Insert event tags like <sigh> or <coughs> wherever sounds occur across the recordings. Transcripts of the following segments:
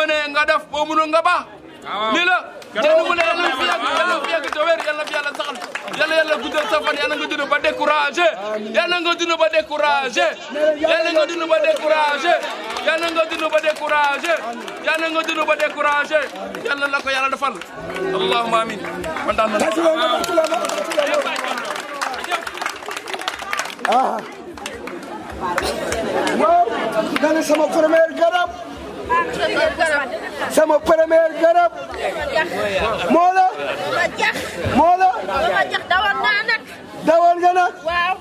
mënee nga def boo mënul nga baax. Ah, waaw lii la. keneen mu ne yàlla na fi yàgg yàlla na fi yàgg te wér yàlla na fi yàlla saxal yàlla yàlla guddal sa fan yàlla nga dund ba découragé. yàlla nga dund ba découragé. yàlla nga dund ba découragé. yàlla nga dund ba découragé. yàlla nga dund ba découragé. yàlla la ko yàlla defal. allahumma amin. man daal waaw. Ah. waaw. nga ne sama premier garab. sama premier garab. moo la. moo la. dama jax dawal naa nag. dawoon nga nag. waaw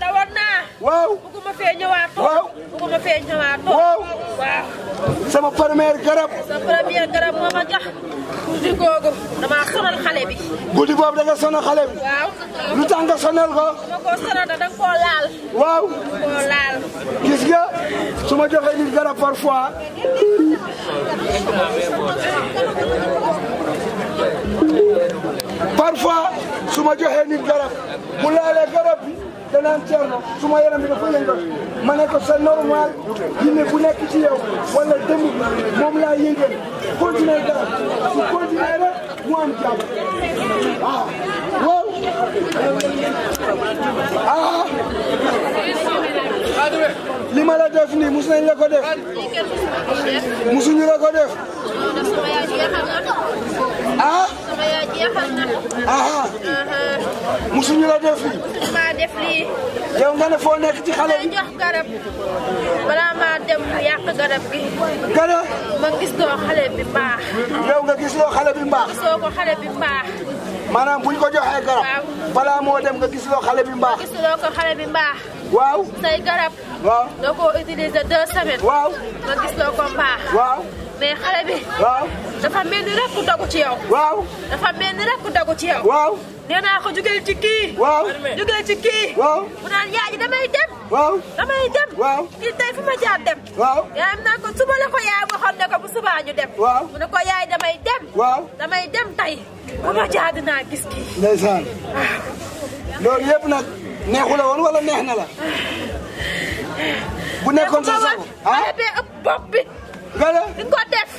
waaw sama premier garab. sama premier garab moo jox. guddi googu damaa sonal xale bi. lu tax nga sonal ko. gis nga su ma joxee nit garab parfois. parfois su ma joxee nit garab bu laalee garab bi danaan ceerno su ma yaram bi dafa yëngal ma ne ko c'est normal jinne bu nekk ci yow wala démb moom laa yëngal continuer garab su continuer rek mu am jàmm ah. waaw waaw ah. li ma la def nii mus nañ la ko def musuñu la ko def ah ah musuñu la def lii yow nga ne foo nekk ci xale bi jox garab balaa maa dem garab gi garab ma nga gis loo xale bi mbaax soo ko buñ ko joxee garab balaa moo dem nga gis loo xale bi mbaax gis mbaax waaw say garab. waaw ko utiliser deux semaines. waaw nga gis loo ko mbaax. waaw mais xale bi. waaw dafa mel ni rek dogu ci yow. waaw dafa mel ni rek dogu ci yow. waaw nee naa ko jugeel ci kii. waaw jugeel ci kii. waaw mu naa ko suba ne ko yaay damay dem. waaw damay dem tey bu ma jaar dinaa gis kii. ndeysaan ah. loolu yëpp nag. neexu la woon wala neex na la. bu nekkoon sa sago ah neexu ëpp bopp bi.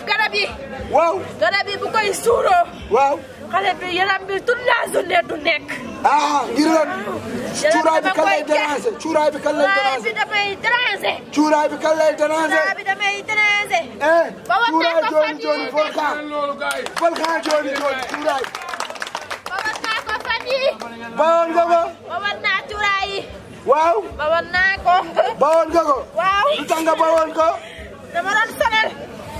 gala di koy suuroo. waaw xale bi yaram bi toute nekk. ah ngir lan. cuuraay bi kan lay déranger cuuraay bi bi damay déranger. Eh, cuuraay bi kan bi damay déranger. ba woon naa bawoon yi. bawoon nga ko. bawoon naa cuuraay yi. waaw. bawoon naa ko. bawoon nga ko. waaw lu tax nga bawoon ko. dama doon sonal.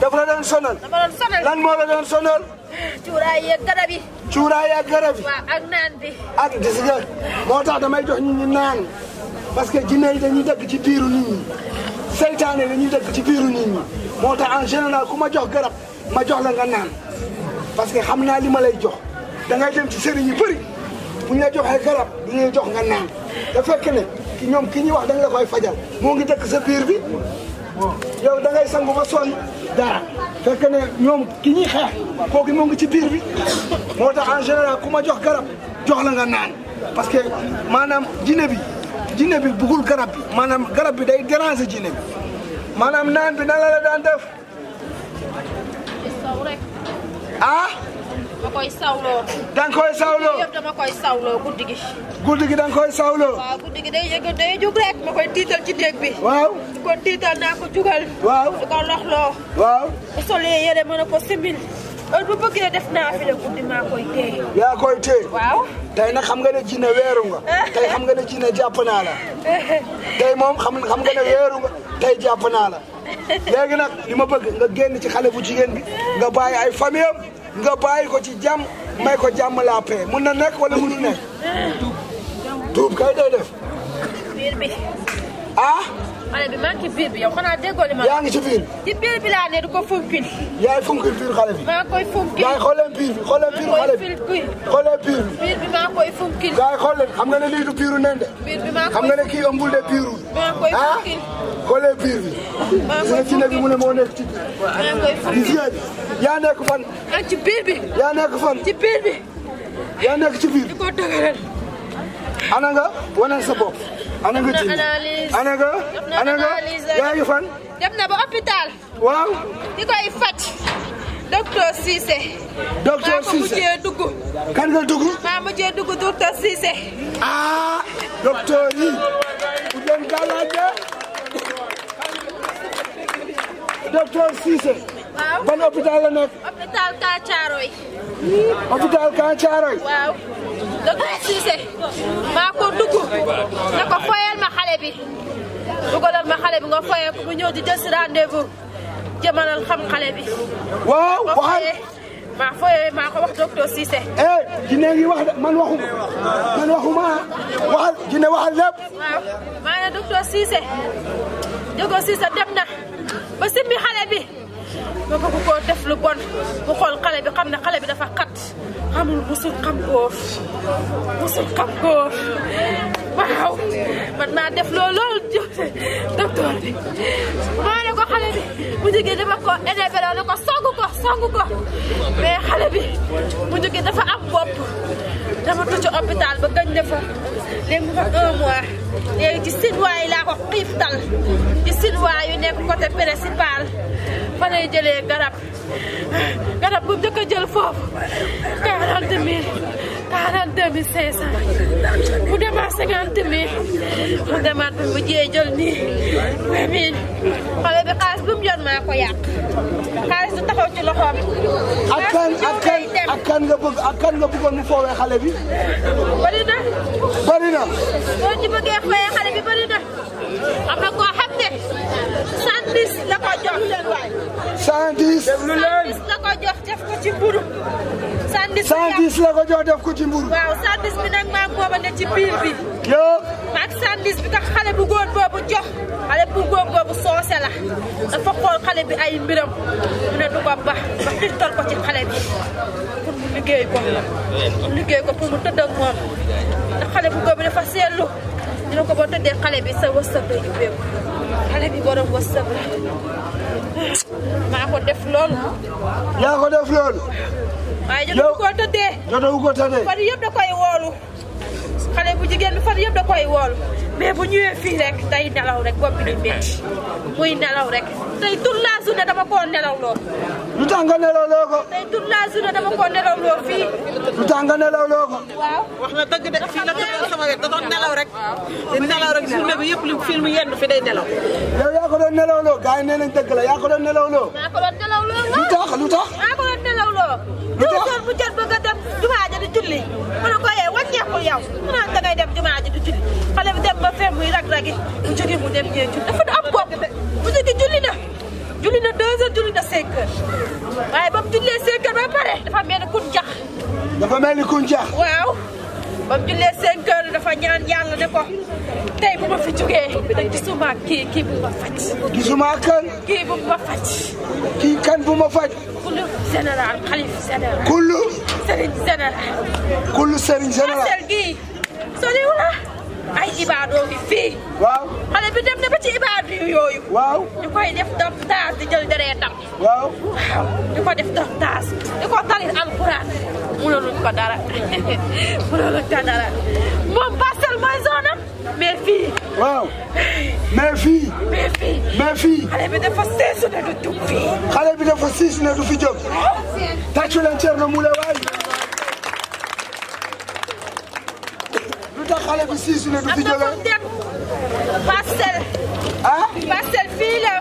dafa la doon sonal. dama doon sonal lan moo la doon sonal. cuuraay yeeg garab yi. cuuraay yeeg garab yi. waaw ak naan bi. ak gis nga moo tax damay jox nit ñi naan parce que jinne yi dañuy dëkk ci biiru nit ñi seytaane dañuy dëkk ci biiru nit ñi moo tax en général ku ma jox garab ma jox la nga naan parce que xam naa li ma lay jox da ngay dem ci sëriñ yu bëri. bu ñu la joxee garab du ñu jox nga naan da fekk ne ki ñoom ki ñuy wax da nga la koy fajal moo ngi dëkk sa biir bi yow da ngay sangu ba sonn dara fekk ne ñoom ki ñuy xeex kooku moo ngi ci biir bi moo tax en général ku ma jox garab jox la nga naan parce que maanaam jinne bi jinne bi bugul garab bi maanaam garab bi day déranger jinne bi maanaam naan bi nan la daan def ah da koy sawloo. da nga koy sawloo yëpp dama koy sawloo guddi gi. guddi gi da nga koy sawloo. waaw guddi gi day yëg day jug rek ma koy tiital ci déeg bi. waaw su ko tiital naa ko jugal. waaw su ko loxloo. waaw bu solee yére mën a ko simil. heure bu bëggee def naa fi la guddi maa koy téye. yaa koy téye. waaw tey nag xam nga ne jinne weeru nga. <laughs> tey xam nga ne jinne jàpp naa la. tey moom xam xam nga ne weeru nga tey jàpp naa la. <laughs> léegi nag li ma bëgg nga génn ci xale bu jigéen bi nga bàyyi ay famille am nga bàyyi ko ci jàmm may ko jàmm la paix mun na nekk wala mënul nekk tuub kay day def ah xale bi maa ngi ci biir bi yow xanaa déggoo li ma. yaa ngi ci biir. ci biir bi laa ne du ko funkil. yaa ngi funkil biir xale bi. maa koy funkil. yaa ngi xooleen biir bi xooleen biir xale bi. xooleen biir bi. biir bi maa koy funkil. yaa ngi xooleen xam nga ne lii du biiru nen de. biir bi maa koy xam nga ne kii ëmbul de biiru. maa koy funkil ah xooleen biir bi. maa koy funkil bi mu ne moo nekk ci biir. maa koy funkil yaa nekk fan. ak ci biir bi. yaa nekk fan. ci biir bi. yaa nekk ci biir. di ko dëgëral. ana nga waneen sa bopp ana nga jënd ana fan. dem na ba hôpital. waaw. di koy faj. docteur Cissé. docteur maa ko mujjee dugg. kan nga dugg. maa mujjee dugg docteur Cissé. ah docteur yi. bu leen gàllanké. docteur Cissé. waaw ban hôpital la nekk. hôpital Ka Thiaroy. hôpital Ka Thiaroy. docteur Cissé maa ko dugg na ko ma xale bi ma xale bi nga foyee mu ñëw di jël si rendez-vous waaw waxal maa foyee maa ko wax docteur Cissé. eh Jinne wax man waxuma man waxuma Jinne waxal lépp. waaw maa ne docteur Cissé docteur Cissé dem na ba simmi xale nga bëgg koo def lu xam ne xale bi dafa xat xamul musul xam góor musul xam góor waaw man maa def loolu loolu docteur bi maa ne ko xale bi bu jógee dama ko élevé ne ko song ko song ko mais xale bi bu jógee dafa am bopp dama tu ci hôpital ba gañ defa léegi mu fa un mois léegi ci sinwaa laa ko xiiftal ci sinwaa yu nekk côté principal fa fay garab garab bu njëkk jël foofu quarante mille quarante mille cinq cent bu demaat cinquante mille mu demaat bi mu jiyee jël nii vingt mille xale bi xaalis bu mu yor maa ko yàq xaalis du ci loxoom. ak kan ak kan mu foowee xale bi. bari na. boo ci bëggee foowee xale bi bari na am xam ne cent dix la ko jox. 110 110 la ko jox def ko ci mburu 110 la ko jox def ko ci mburu waaw 110 bi nag maam booba ne ci biir bi yoo maag 110 bi tax xale bu góor boobu jox xale bu góor boobu soose la dafa xool xale bi ay mbiram mu ne du ko bax ba xirtal ko ci xale bi pour mu liggéey ko mu liggéey ko pour mu tëdd moom ndax xale bu góor bi dafa seetlu ñu ne ko boo tëddee xale bi sa wërsëg la ubbeeku xale bi borom wërsëg la maa ko def loolu. yaa ko def loolu. waaye jotagu ko tëddee. jotagu ko tëddee. kon yëpp da koy woolu. xale bu jigéen bi fan yëpp da koy wool mais bu ñëwee fii rek day nelaw rek ko bi di métti muy nelaw rek tey toute la journée dama koo nelaw loo. lu tax nga nelaw loo ko. la journée dama koo nelaw loo fii. wax na dëgg de fii la tëral sama wet da doon nelaw rek. di nelaw lu film yenn fi day nelaw. yow yaa ko doon nelaw loo gars yi nee nañ dëgg la yaa ko doon nelaw nelaw loo lu tax lu tax. law loo juróom soor jot bëgg a dem jumaa ja di julli mu ne ko yee eh, wàññeekul yow mu naan dangay dem jumaa ja di julli xale bi dem ba fee muy rag-ragi mu jóge mu dem julli na julli na deux heures julli na cinq waaye ba mu jullee cinq ba pare dafa mel ni kun jax dafa mel ni kun jax waaw ba mu jullee cinq heures dafa ñaan yàlla ne ko tey bu ma fi jugee te gisuma kii kii bu ma faj. gisuma kan. kii bu ma faj. kii kan bu ma faj. kullu général xalif général. kullu. Serigne général. kullu Serigne général parcelle gii soriwul ah. ay ibaadoo fi fii. waaw xale bi dem na ba ci ibaadu yooyu. waaw ñu koy def doon taas di jël deretam. waaw waaw di ko def doon taas di ko talil alxuraan mënaluñ ko dara <laughs> mënaluñ ko dara moom parcelle mooy zone am mais fii. waaw mais fii. mais fii mais fii. xale bi dafa siis ne du jóg fii. xale bi dafa siis ne du fi jóg. Oh. tàccu leen Thierno Moule waay. tax xale bi siisu ne du fi jóge. am na dem parcelle. ah parcelle fii la.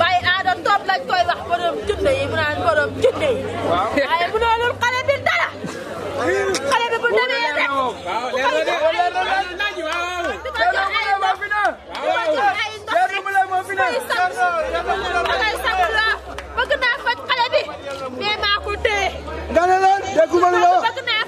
waaye aada topp lañ koy wax borom junne yi mu naan borom junne yi. waaw waaye bu doonul xale bi dara. xale bi bu demee rek. waaw leer na de leer na de naaj waaw. di ko jox ay ndox di ko jox ay ndox rek. muy sant ba ngay sant loo bëgg naa faj xale bi. mais maa ko téye. nga ne leen dégguma loo bëgg naa.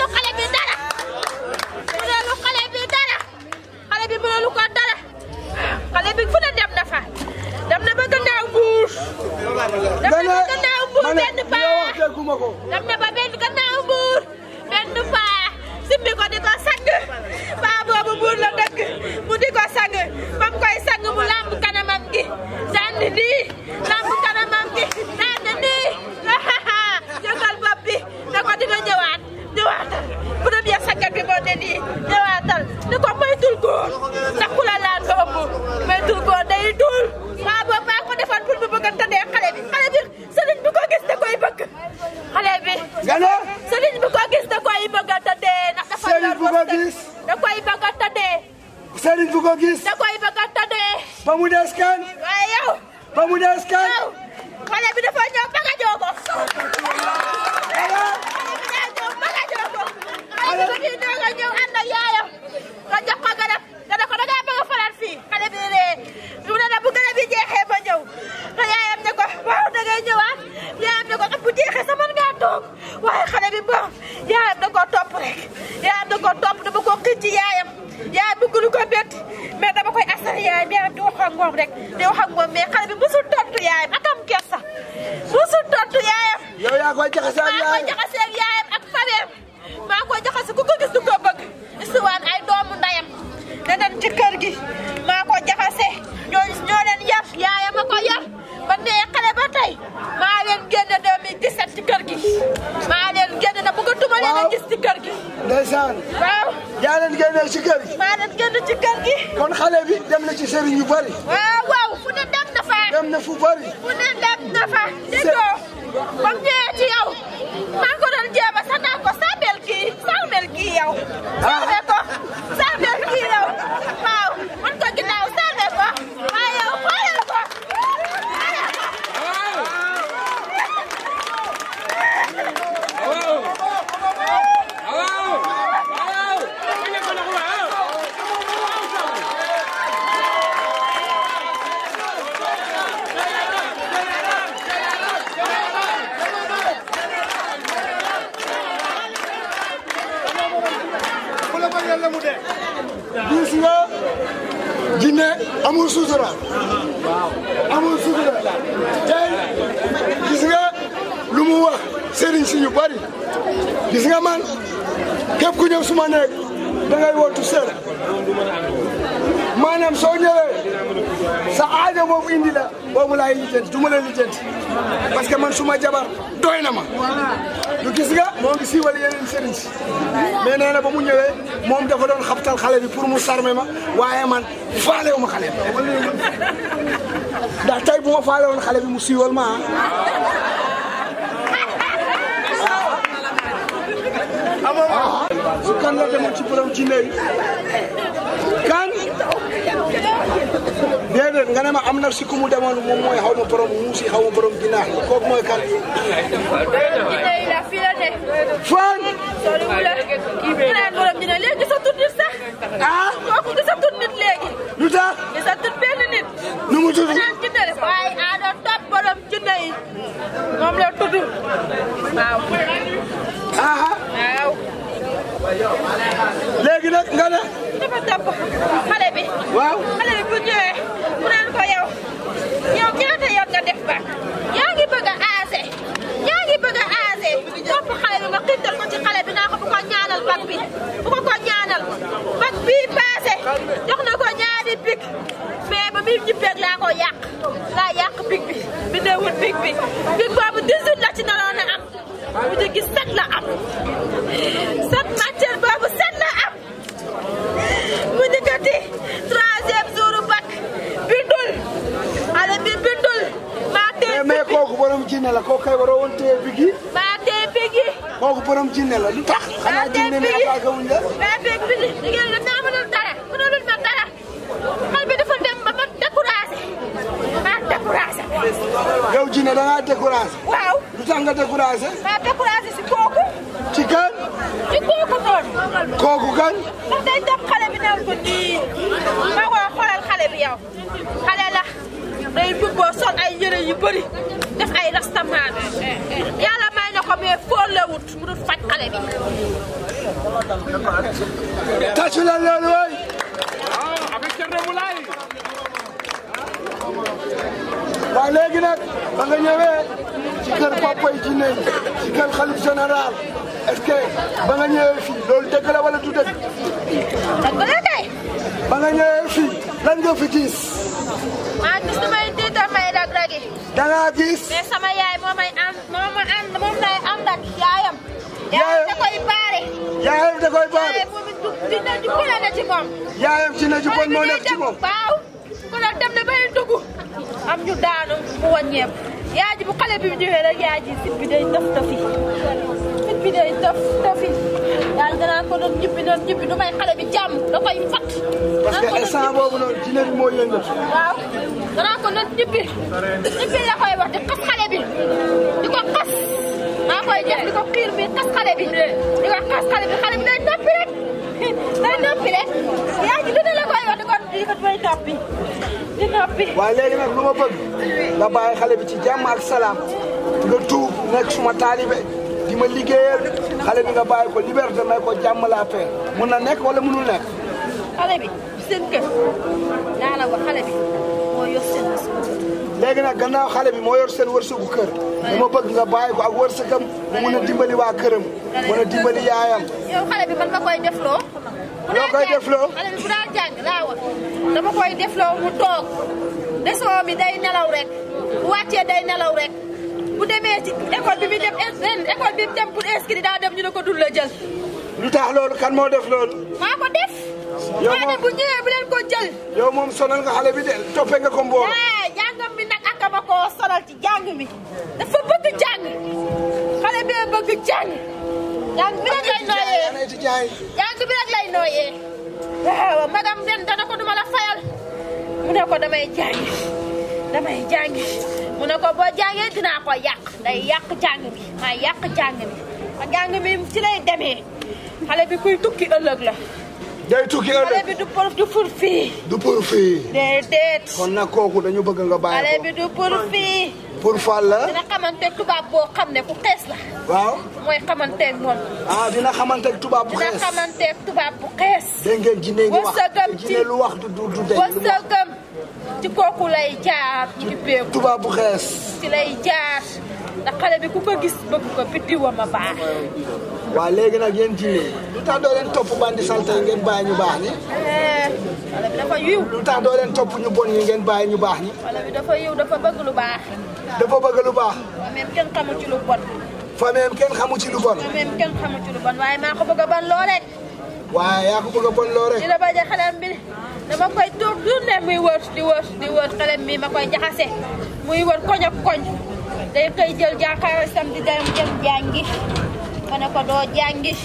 armé ma waaye man faale wu ma xale bi bu ma faale woon xale mu siiwal ma ah. ah. kan la demoon ci borom ci ndey kan. déedéet nga ne ma am na si ku mu demoon moom mooy xaw ma borom muusi xaw ma borom ginnaaw kooku mooy kan. xanaa jiw nañu attaqué wuñ la. waaw tey fii jigéen ñi dañu ma dara xol bi dafa dem ba ma découragé ma découragé. yow Djiné da ngaa découragé. waaw lu tax nga découragé. ma découragé si kooku. ci kan. ci kooku noonu. kooku kan. ndax day dem xale bi naan ko nii ma ko xoolal xale bi yow xale la day ay yére yu ko mais fóolewut mu dul faj xale bi. tàccu la loolu waay. waaw ah, avec Thierno Moulay. waaw léegi nag ba nga ñëwee ci kër papa kër xalif général est-ce ba nga ñëwee fii loolu dëgg la wala du dëgg. ba nga ñëwee fii. lan nga fi gis. ah gis nga may rag-ragi. da ngaa gis. sama yaay moo may am moo moom lay am nag yaayam. yaayam da koy baare. yaayam da koy baare. yaayam moom dina jubbale na ci moom. yaayam dina jubbal moo nekk ci moom. waaw kon dem na bay dugg. am ñu daanu mu wàññeeku. yaa ji bu xale bi mu ñëwee rek yaa ji fit bi day dof dofi fit bi day dof dofi yaa ngi naan ko doon ñibbi doon ñibbi du may xale bi jàmm da koy fat. parce que instant boobu noonu jigéen bi moo yëngatu. waaw danaa ko doon ñibbi ñibbi la koy wax di xas xale bi di ko xas maa koy jëf di ko xiir bi xas xale bi di ko xas xale bi xale bi day noppi rek <laughs> day noppi rek yaa ji dina la koy wax. waaye léegi nag lu ma bëgg nga bàyyi xale bi ci jàmm ak salaam nga tuub nekk suma taalibe di ma liggéeyal xale bi nga bàyyi ko liberté may ko jàmm la paix mun na nekk wala munul nekk. xale nag gannaaw xale bi moo yor seen wërsëgu kër. dama bëgg nga bàyyi ko ak wërsëgam mu mun a dimbali waa këram. mën a dimbali yaayam. loo koy defloo xale bi bu daan jàng laawa dama koy defloo mu toog leçon bi day nelaw rek bu wàccee day nelaw rek bu demee ci école bi bi mu dem daa dem ñu ne ko dul la jël. lu tax kan moo def loolu. maa ko def. yow moom bu ñëwee bu leen ko jël. yow moom sonal nga xale bi de toppee nga ko mbooloo. Eh, jàngam bi nag akama koo sonal ci jàng mi dafa bëgg jàng xale bee bëgg jàng. jàng bi rek lay nooyee jàng bi rek lay nooyee duma la fayal mu ne damay jàngi damay jàngi mu ne boo jàngee dinaa ko yàq day yàq jàng maa yàq jàng ma jàng bi ci lay demee xale bi kuy tukki ëllëg la day tukki ëllëg bi du pour du pour fii du pour fii kooku dañu bëgg nga bàyyi ko xale bi pour fal la. dina xamanteeg tubaab boo xam ne ku xees la. waaw mooy xamanteeg moom. ah dina xamanteeg tubaab bu xees dina xamanteeg tubaab bu xees. dégg ngeen jinne ngi wax jinne lu wax du du du tey wasagam ci kooku lay jaar ci dibbeeku. tubaab bu xees. ci lay jaar ndax xale bi ku ko gis bëgg ko bitti wa ma baax. waaw léegi nag yéen jinne lu tax doo leen topp bandi salte yi ngeen bàyyi ñu baax ni wala eh, bi dafa yiw. lu tax doo leen topp ñu bon yi ngeen bàyyi ñu baax ni wala bi dafa yiw dafa bëgg lu baax. dafa bëgg lu baax. fameem kenn xamu ci lu bon. fameem kenn xamu ci lu bon. fameem kenn xamu ci bon waaye maa ko bëgg a bon loole. waaye yaa ko bëgg a bon loole. di la bañ a xelam bi dama koy muy wër di wër di wër ma koy jaxase muy wër koñ day koy jël sam di dem jëm jàngi ma ne ko doo jàngi.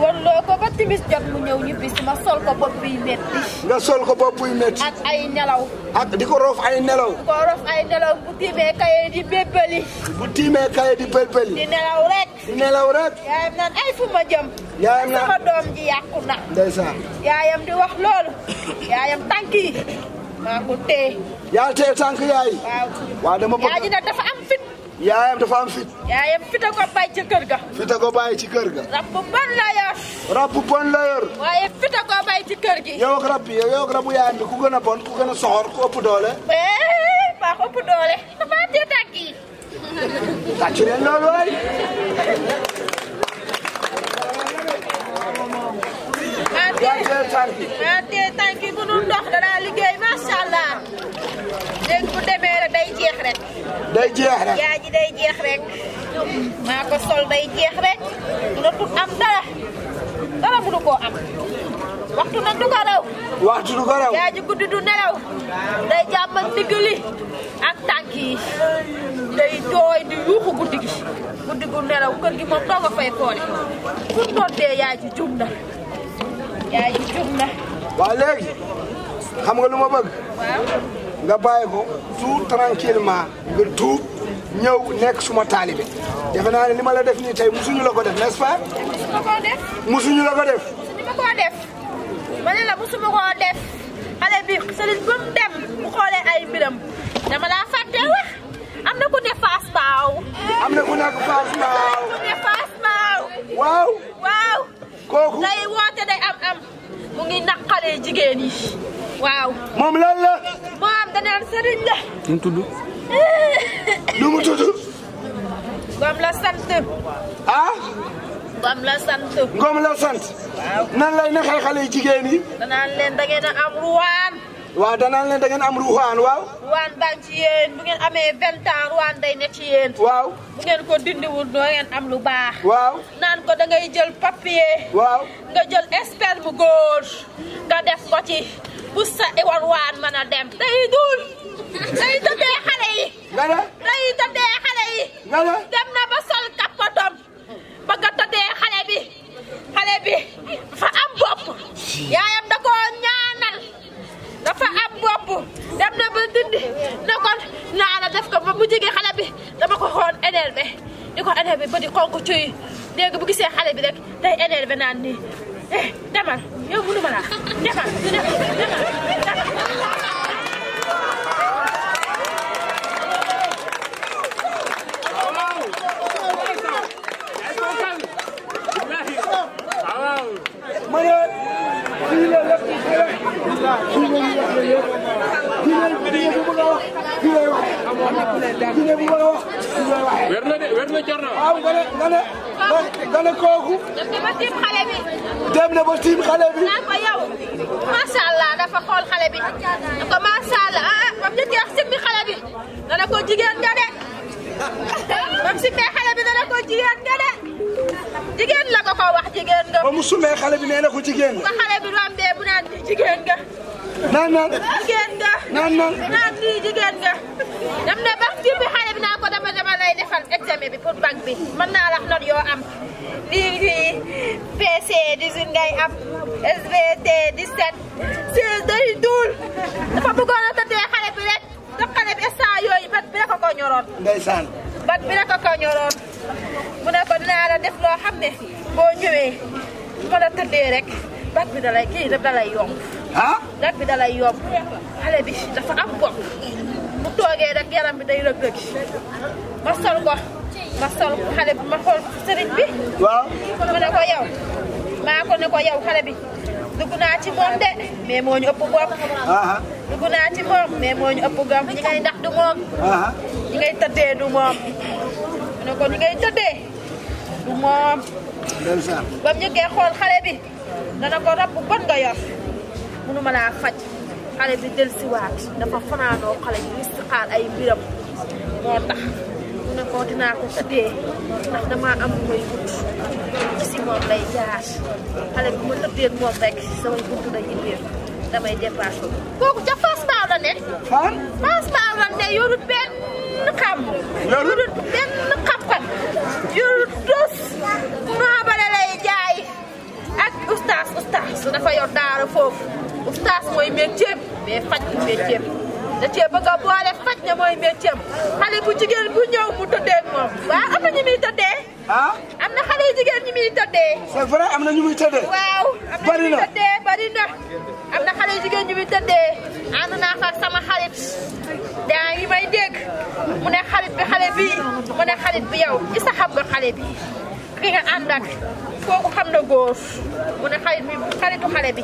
warloo ko ba timis jot mu ñëw ñu bis ma sol ko bopp buy métti. nga sol ko bopp buy métti. ak ay nelaw. ak di ko roof ay nelaw. di ko roof ay nelaw bu tiimee kaye di bébëli. bu tiimee kaye di bébëli. di nelaw rek. di nelaw rek. yaayam naan ay fu ma jëm. yaayam naan sama doom ji yàqu na. yaayam di wax loolu. yaayam tànk maa ko téye. yaa tànk yaay. waa dama bëgg yaa ji nag dafa am fit. yaayam dafa am fit. yaayam fite ko bàyyi ci kër ga. fite ko bàyyi ci ga. rab bon la yor. bon la waaye fite ko bàyyi ci gi. yow ak rab bi yaayam bi ku gën a bon ku gën a soxor ku ëpp doole. Eh, maa ko ëpp doole. maa ngi tàgg yi. tàcc leen loolu waay. gardien tànk bu dul dox danaa liggéey macha allah léegi bu demee rek day jeex rek. day ji day jeex rek. maa ko sol day jeex rek mënatul am dara dara mënu koo am. waxtu nag du ko raw. waxtu ji guddi du nelaw. day jàmm ak digg ak tànk day jooy di yuuxu guddi gi guddi gu nelaw kër moom doo nga fay foole pour doon dee ji jum na. yaay ji jóg na. waaw xam nga lu ma bëgg. nga bàyyi ko tout tranquillement nga tuub ñëw nekk suma taalibe defe naa ne li la def nii tey musuñu la ko def n'est-ce pas. musuñu la ko def. musuñu la ko def. ma koo def. ma ne la def. xale bi sëriñ bu dem mu xoolee ay mbiram dama laa fàtte am na ku ne Fass am na ku nekk Fass waaw. waaw. kooku lay woote day am am mu ngi naqalee jigéen yi waaw. moom lan la. moom danaan sëriñ la. nu mu tudd. <laughs> nu mu tudd. Ngom la sant. ah. Ngom la sant. Ngom la sant. nan lay naxee xale jigéen yi. danaan leen da am ruwaan. waa danaan leen da ngeen am ruwaan waaw. ruwaan baa ci yéen bu ngeen amee vingt ans ruwaan day ne ci yéen. waaw bu ngeen ko dindiwul doo ngeen am lu baax. waaw naan ko dangay ngay jël papier. waaw nga jël espèce bu góor nga def ko ci pour sa ruwaan mën a dem. day duul day tëddee xale yi. nga day tëddee xale yi. nga dem na ba sol kapotom ba nga xale bi xale bi fa am bopp yaayam da ñaanal. dafa am bopp dem na ba dindi ne kon naa la def ko ba mu jege xale bi dama ko xoon énervé di ko énervé ba di konk cuy léegi bu gisee xale bi rek day énervé naan nii eh yow mënu ma laa demal demal ma ne fii la lépp di xewe fii la ñu wax la yëpp diine bu bëgg a wax fii lay waxee diine bu bëgg a wax na de na jar na. xale bi. dem ko yow macha allah dafa xool xale bi. da ko macha allah ah ah ba xale bi. nga ko jigéen nga ba mu simmee xale bi nee ko jigéen nga de jigéen la ko ko wax jigéen nga. ba mu sumee xale bi nee ko jigéen nga. ba xale jigéen nga. naan naan jigéen nga. jigéen nga. dem na ba ci bi xale bi naa ko dama dama lay defal examen bi pour bac bi mën naa lax note yoo am. lii lii PC 18 ngay am SVT 17 16 day duul dafa bëggoon a tëddee xale bi rek. te xale bi yooyu bat bi rek a ko ñoroon. bat bi rek a ko ñoroon mu ne ko la def loo xam ne boo ñëwee ma la tëddee rek bat bi dalay kii daf dalay yomb. ah bat bi dalay yomb xale bi dafa am bopp bu toogee rek yaram bi day rëg-rëg ma sol ko ma sol xale bi ma xool sëriñ bi. waaw ma ne yow. maa ko ne ko yow xale bi dugg naa ci moom de mais moo ñu ëpp gopp. dugg naa ci moom mais moo ñu ëpp gopp ñi ngay ndax du moom. ñi ngay tëddee du moom. ko ñi ngay tëddee du ba mu njëkkee xool xale bi dana ko rab bu bon nga yor munu laa faj xale bi dellusiwaat dafa fanaanoo xale bi xaar ay mbiram moo tax. ne ko dinaa ndax damaa am mooy wut si moom lay jaar xale bi ma lëbbeeg moom rek samay buntu dañuy wér damay dépassé kooku ca Fass la ne. ah la ne yorut benn xam. yorut benn xam-xam yorut dos lay jaay ak ustaas ustaas dafa yor daara foofu ustaas mooy métier mais faj métier. da cee bëgg a boole faj ne mooy métier xale bu jigéen bu ñëw mu tëddee moom waaw am na ñu muy tëddee. ah am na xale yu jigéen ñu muy tëddee. c'est vrai am na ñu muy tëddee. waaw am na ñu muy tëddee bari na am na xale yu jigéen ñu muy tëddee ànd naa ak sama xarit daa ngi may dégg mu ne xarit bi xale bi mu ne xarit bi yow i sa xam nga xale bi ki nga ànd ak kooku xam na góor mu ne xarit bi xaritu xale bi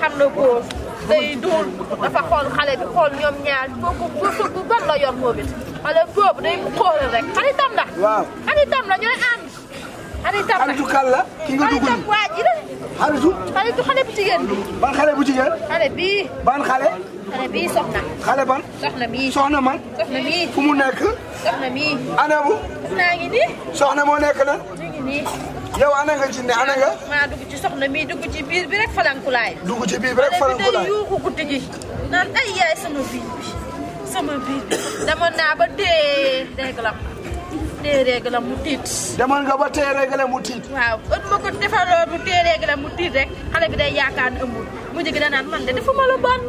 xam na góor. day dóor dafa xale bi xool ñoom ñaar kooku kooku bu bon la yor moom it xale boobu day xoolal rek ani tam la. waaw ani tam la ñooy ànd. ani tam la xaritu kan la ki nga dugg nii waa bi. ban xale bu jigéen. xale bii. ban xale. xale bii soxna. xale ban. soxna bii soxna mu nekk. soxna bii. ana bu. soxna moo nekk na. mu ngi nii. yow ana nga jinne ana nga. maa dugg ci soxna mi dugg ci biir bi rek falankulaay. dugg ci biir bi rek falankulaay yuuxu guddi gi naan ay yaay sama biir bi sama biir dama naa ba dee réglam dee réglam mu tiit. demoon nga ba tee réglam mu tiit. waaw ëpp ma ko defaloo bu rek xale bi day yaakaar ne ëmbul mu jigi da naan man de defuma lu bon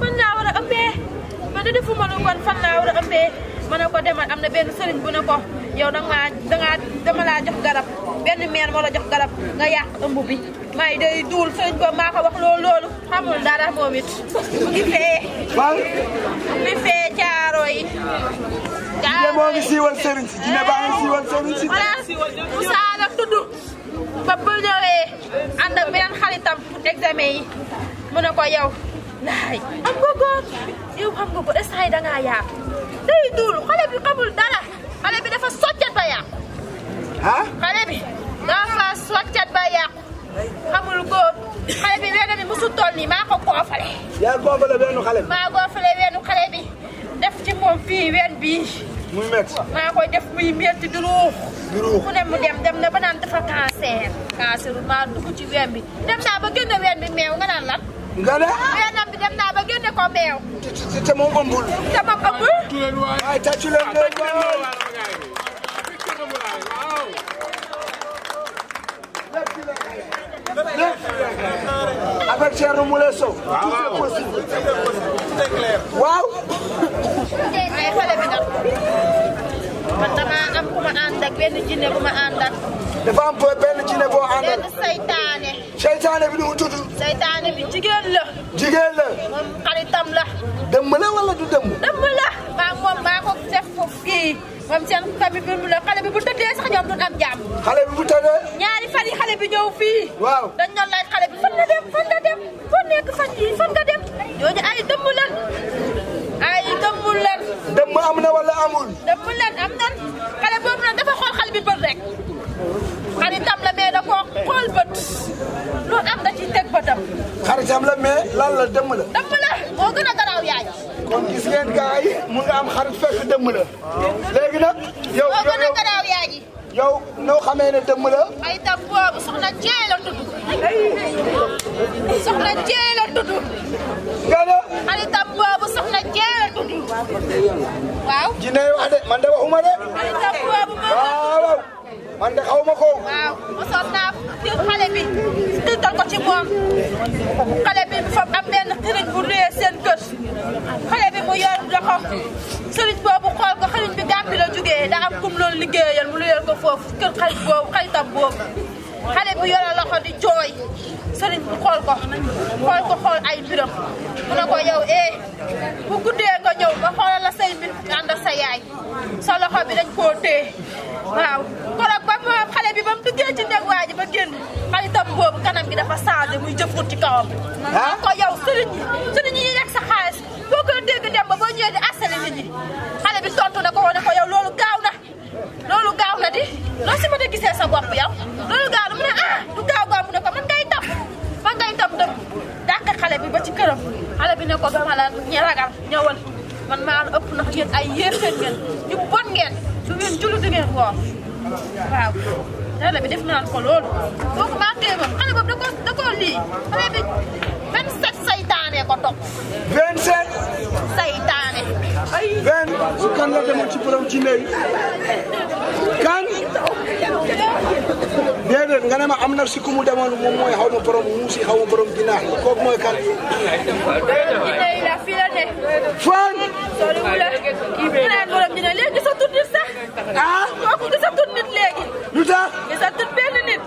man naa war a ëmbee man de defuma lu bon fan naa war a ëmbee. ma ne ko demal am na benn sëriñ bu ne ko yow da dama laa jox garab benn meen moo jox garab nga yàq may day duul sëriñ boobu maa wax loolu loolu xamul dara moom it <laughs> ngi fee waaw mu ngi fee caaro yi caaro yi moo ngi siiwal sëriñ si ba bu ñëwee ànd ak beneen xaritam examen yi mu ne ko yow naay am nga ko yow xam nga ko instant da ngaa duul xale bi xamul dara xale bi dafa soccat ba yàqu. ah xale bi dafa soccat ba yàqu xamul góor xale bi weena ni musu toll nii maa ko koofale. yaa koofale weenu xale bi. maa koofale xale bi def ci moom fii ween bii. muy métti maa koy def muy métti di ruux. di ruux ku ne mu dem dem na ba naan dafa cancer. cancer maa dugg ci ween bi dem naa ba génn ween bi meew nga naan lan. nga ne. bi dem naa ba génne ko meew. te te moom ëmbul. te moom ëmbul. waaye tàccu leen leen waay. avec Thierno Moule Sow. tout est possible. waaw. man dama am ku ma ànd benn jinne bu ma àndal. dafa am benn jinne boo àndal. benn saytaane. saytaane bi nu mu tudd. saytaane bi jigéen la. jigéen la. moom la. dëmm la wala du dëmm. dëmm la maa moom maa ko def kii moom seen famille bi mu la bu tëddee sax ñoom duñ am jàmm. xale bu tëddee. ñaari fan yi xale bi fii. waaw dañ doon laaj xale dem fan dem ñooñu ay dëmm la. ay dëmb lan. dëmb am na wala amul. dëmb lan am nan xale boobu nag dafa xool xale bët rek. xaritam la mais da koo xool bët loolu am da ci teg bëtam. xaritam la mais lan la dëmb la. dëmb la moo gën garaaw yaay. kon gis ngeen gars mu nga am xarit fekk dëmb la. léegi nag yow moo garaaw yaay yow noo xamee ne dëmm la. ay dam boobu soxna Jéy la tudd. soxna Jéy la tudd. nga ne. ay dam boobu soxna Jéy la tudd. jinne wax de man de waxuma de. ay dam boobu. waaw waaw. man de xaw ma ko. waaw mosoon naa jël xale bi tënkal ko ci moom xale bi fa am benn sëriñ bu seen kër xale bi mu yor loxo boobu xool ko xariñ bi Gàmbi la jógee daa am kum loolu liggéeyal foofu kër xarit boobu xaritam boobu. xale bu yore loxo di jooy sëriñ xool ko xool ay mbiram mu ne ko yow eh, bu guddee nga ñëw ba xoolal la say mbir ànd ak sa yaay sa loxo bi dañ koo téye waaw korog ba mu xale bi ba mu duggee ci néeg ba génn xaritam boobu kanam gi dafa changé muy jëfur ci kawam aa ah? ko yow sëriñ sëriñ yi yegg sa xaalis boo ko dégg dem ba boo ñëwee di asale nit xale bi tontu na ko ne ko yow loolu gaaw na loolu gaaw na di loo si mën a gisee sa bopp yow loolu gaaw na mu ne ah du gaaw gaaw mu ne ko man ngay tam man ngay tam dem dàq xale bi ba ci këram xale bi ne ko dama la ñu ragal man maa ëpp ndax ngeen ay yéeféen ngeen ñu bon ngeen du ngeen jullu du waaw xale bi def na ko loolu kooku maa téye xale boobu da koo da koo bi 27 saytaane ko topp. 27. saytaane. ay 20 kan la demoon ci borom ci ndey kan. déedéet nga ne ma am na si ku mu demoon moom mooy xaw ma borom muusi xaw ma borom ginaar kooku mooy kan. fan. léegi sa tur nit sax. ah. kooku sa tur nit léegi. lu tax. sa tur benn nit.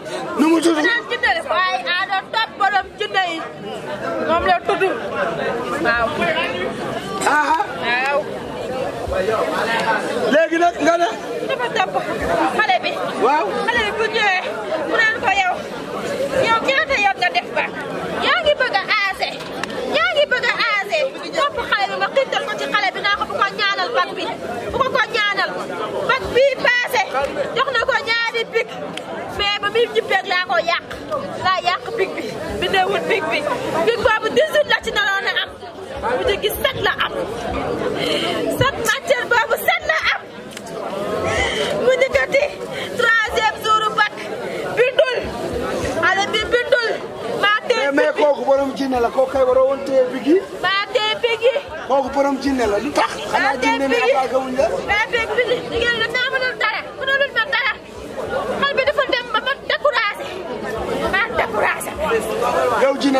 big bi big boobu 18 la ci naroon a am bu jógi 7 la am 7 matière boobu 7 am mu njëkkati troisième jouru bac bindul xale bindul maa tee mais kooku borom jinne la kooku kay waroo woon téye big yi maa tee big yi kooku borom jinne la lu tax xanaa jinne mi attaqué wuñ la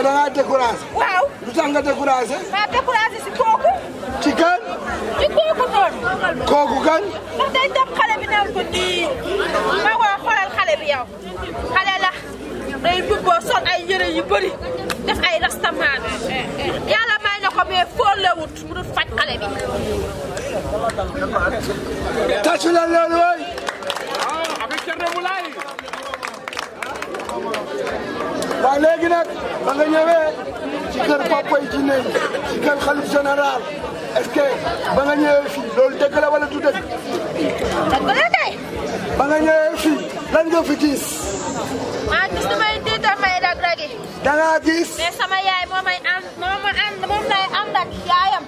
da ngaa découragé. waaw lu tax nga découragé. maa découragé si kooku. ci kan. ci kooku noonu. kooku kan. ndax day topp xale bi naan ko di ma woo xoolal xale bi yow xale la day bubboo sol ay yëre yu bëri def ay rastamaan yàlla may na ko mais fóor la wut mu dul faj xale bi. tàccu la loolu waay. waaw ah, avec Thierno Moulay. waaw léegi nag. nga ñëwee ci kër papa yi ci kër xalif général est-ce que ba loolu dëgg la wala du dëgg. ba nga ñëwee fii lan nga fi gis. maa ah, may diital may rag-ragi. da ngaa gis. mais yaay moo may moom lay ànd ak yaayam.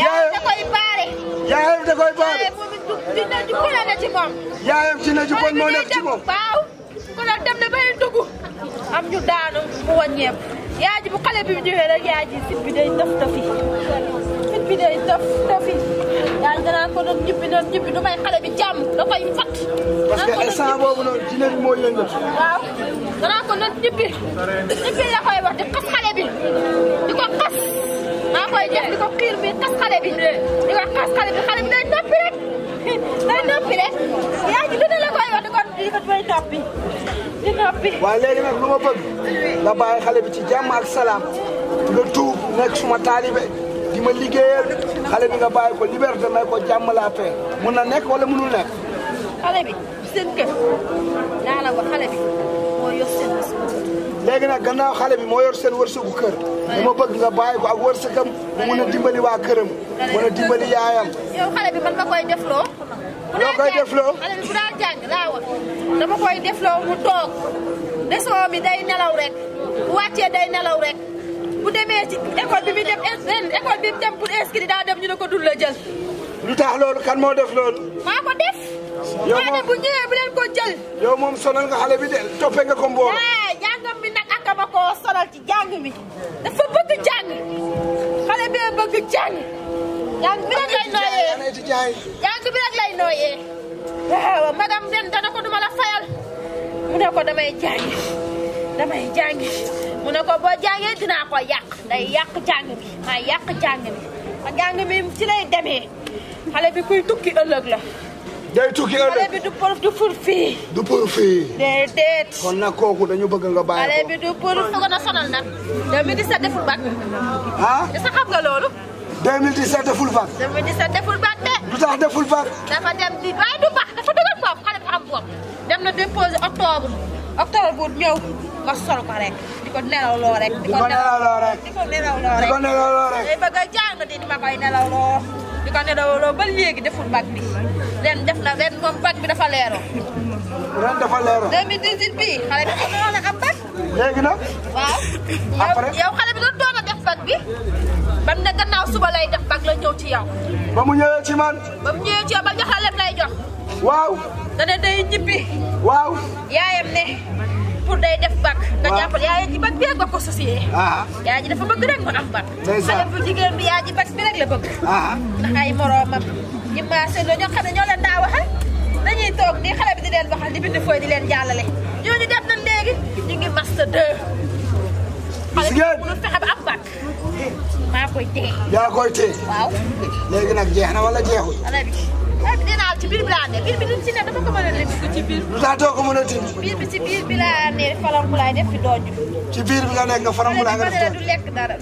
yaayam da koy baare. yaayam da koy baare. waaye moom dina jukko la ne ci moom. yaayam dina jukko moo nekk ci moom. waaw kon nag dem na bay dugg. am ñu daanu mu wàññeeku. yaa ji bu xale bi ñëwee rek yaa ji fit bi day tëf tëfi fit bi day tëf tëfi yaa ngi danaa ko doon ñibbi doon ñibbi du may xale bi jàmm da koy fat. parce que instant boobu noonu dina bi moo yëngatu. waaw danaa ko doon ñibbi ñibbi la koy wax di xas xale bi di ko xas maa koy jox di ko xiir bi xas xale bi di ko xas xale bi xale bi day noppi rek day noppi rek yaa ji dina la koy wax di ko di ko doy noppi. waaye léegi nag lu ma bëgg nga bàyyi xale bi ci jàmm ak salaam nga tuub nekk suma taalibe di ma liggéeyal xale bi nga bàyyi ko liberté may ko jàmm la paix mun na nekk wala munul nekk. xale bi seen kër naa moo yor seen gannaaw xale bi moo yor seen wërsëgu kër. li ma bëgg nga bàyyi ko ak wërsëgam mu mun a dimbali waa këram. mun a dimbali yaayam. loo koy def bu daan jàng laa wax dama mu toog leçon bi day nelaw rek bu wàccee day nelaw rek bu demee ci école bi mu dem ren bi mu dem pour inscrire daa dem ñu ne ko dul la jël lu tax loolu kan moo def loolu maa ko def yow moom bu ñëwee nga xale bi de toppee nga ko mboor jàngam bi ñàkk ba koo ci jàng mi dafa bëgg jàng xale bee bëgg jàng jàng bi lay nooyee jàng bi lay nooyee waaw magam benn dana ko duma la fayal mu ne ko damay jàngi damay jàngi mu ne ko boo jàngee dinaa ko yàq day yàq jàng bi maa yàq jàng bi ma ci lay demee xale bi kuy tukki ëllëg la day tukki ëllëg xale du pour fii. du pour fii. déedéet. kon nag kooku dañu bëgg nga bàyyi ko. xale bi du pour. a ko na sonal nag. 2017 deful bac. ah est-ce que xam nga loolu. 2017 deful bac. 2017 deful bac de. lu tax deful bac. dafa dem di waaye du baax dafa dëgër bopp xale bi xam bopp. dem na déposé octobre octobre bu ñëw nga sol ko rek. di ko nelaw loo rek. di ko nelaw loo rek di ko nelaw loo rek. di ko nelaw loo rek. a jàng di di ko ne dawaloo ba léegi deful bac bi ren def na ren moom bac bi dafa leeroo. ren dafa leeroo. 2018 bii xale bi dafa doon am bac. léegi a def bac ba mu ne la ñëw ci yow. ba mu ñëwee ci man. ba mu ñëwee ci yow ba jox la lem lay jox. waaw. dana day ñibbi. waaw. yaayam ne. nekkul day def bac nga jàppal yaay ji bac bi rek ba ko associé ah. yaay ji dafa bëgg rek mu am bac xale bu jigéen bi yaay ji bac bi rek la bëgg ah. ndax ay moroomam ñi maase loo ñoo xam ne ñoo leen daa waxal dañuy toog nii xale bi di leen waxal di bind fooy di leen jàllale ñooñu def nañ léegi ñu ngi master 2 xale bi mënul fexe ba am bac maa koy téye yaa koy téye waaw léegi nag jeex na wala jeexul dinaa ci biir bi laa ne biir bi ci ne dama ko mën a dindi ko ci biir. daa doo ko mën a dindi. ne fi doon ci biir bi nga nekk nga farankulaay nga def du lekk dara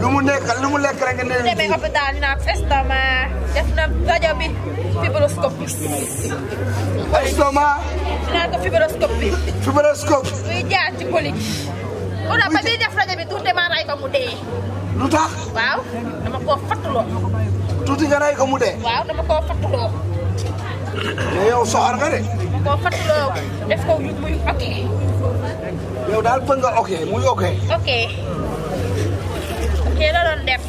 lu mu mu lekk rek ne. demee hôpital naan estomac def na rajo bi fibroscope bi. estomac. bi. jaar ci colique. muy ba di ko mu tuuti nga rey ko mu dee. waaw dama koo fattuloo. mais <coughs> yow soxor nga de. dama koo fattuloo def ko muy ok. yow daal bëgg nga ok muy ok. ok ok la doon def.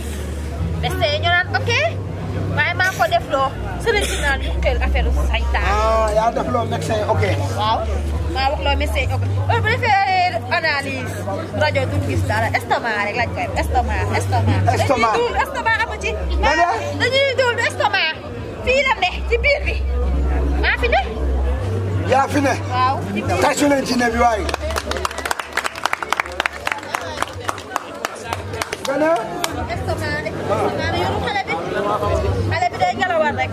dese ñu maa ko def loo sëriñ si naan ñu teel affaire saytaan. ah yaa def loo médecin ok. waaw maa wax loo médecin ok bu defee analyse rajo du gis dara estomac rek lañ koy estomac estomac. estomac dañuy dul estomac amu ci. dañuy dul estomac fii la ne ci biir bi maa fi ne. yaa fi ne. waaw ci biir tàcc leen ci ne bi waaye. gannaaw. estomac de. waaw xale bi. ngelawal rek.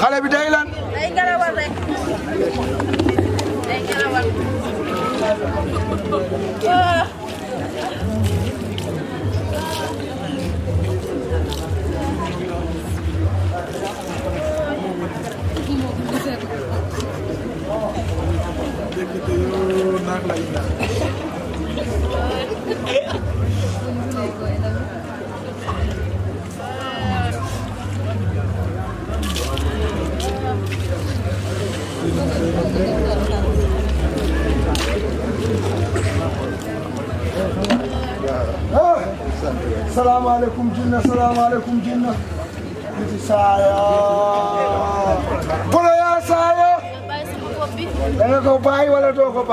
xale bi day lan. day ngelawal rek. day ngelawal. Thank you. السلام عليكم جنة السلام عليكم جنة انت سايا قول يا سايا danga ko bàyyi wala doo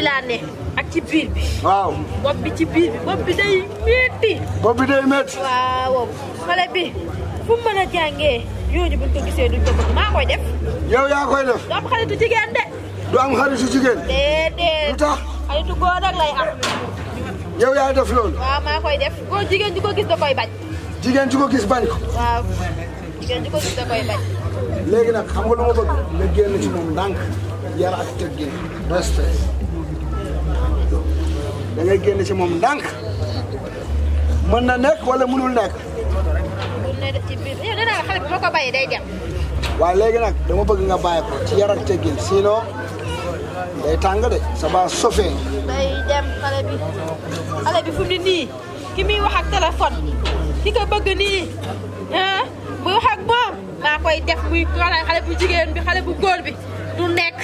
laa ne ak ci biir bi waaw bopp bi ci biir bi bopp bi day métti bopp bi day métti waaw xale yooyu buñ ko gisee duñ maa koy def. yow yaa koy def. du am jigéen de. du am xaritu jigéen. déedéet lu tax. xaritu góor rek lay am. jigéen ju da jigéen ju ko gis bañ ko. jigéen ju ko gis koy bañ. léegi nag xam nga lu ma nga génn ci moom ndànk yar ngay génn ci moom ndànk na nekk wala mënul nekk. mooy def ci biir yow nee naa la xale bi boo ko bàyyi day dem. waaw léegi nag dama bëgg nga bàyyi ko ci yar ak teggin sinon day tàng de ça va sofee. dem xale bi xale bi fu nii ki muy wax ak téléphone ki ko bëgg nii ah bu wax ak maa koy def muy xale bu jigéen bi xale bu góor bi du nekk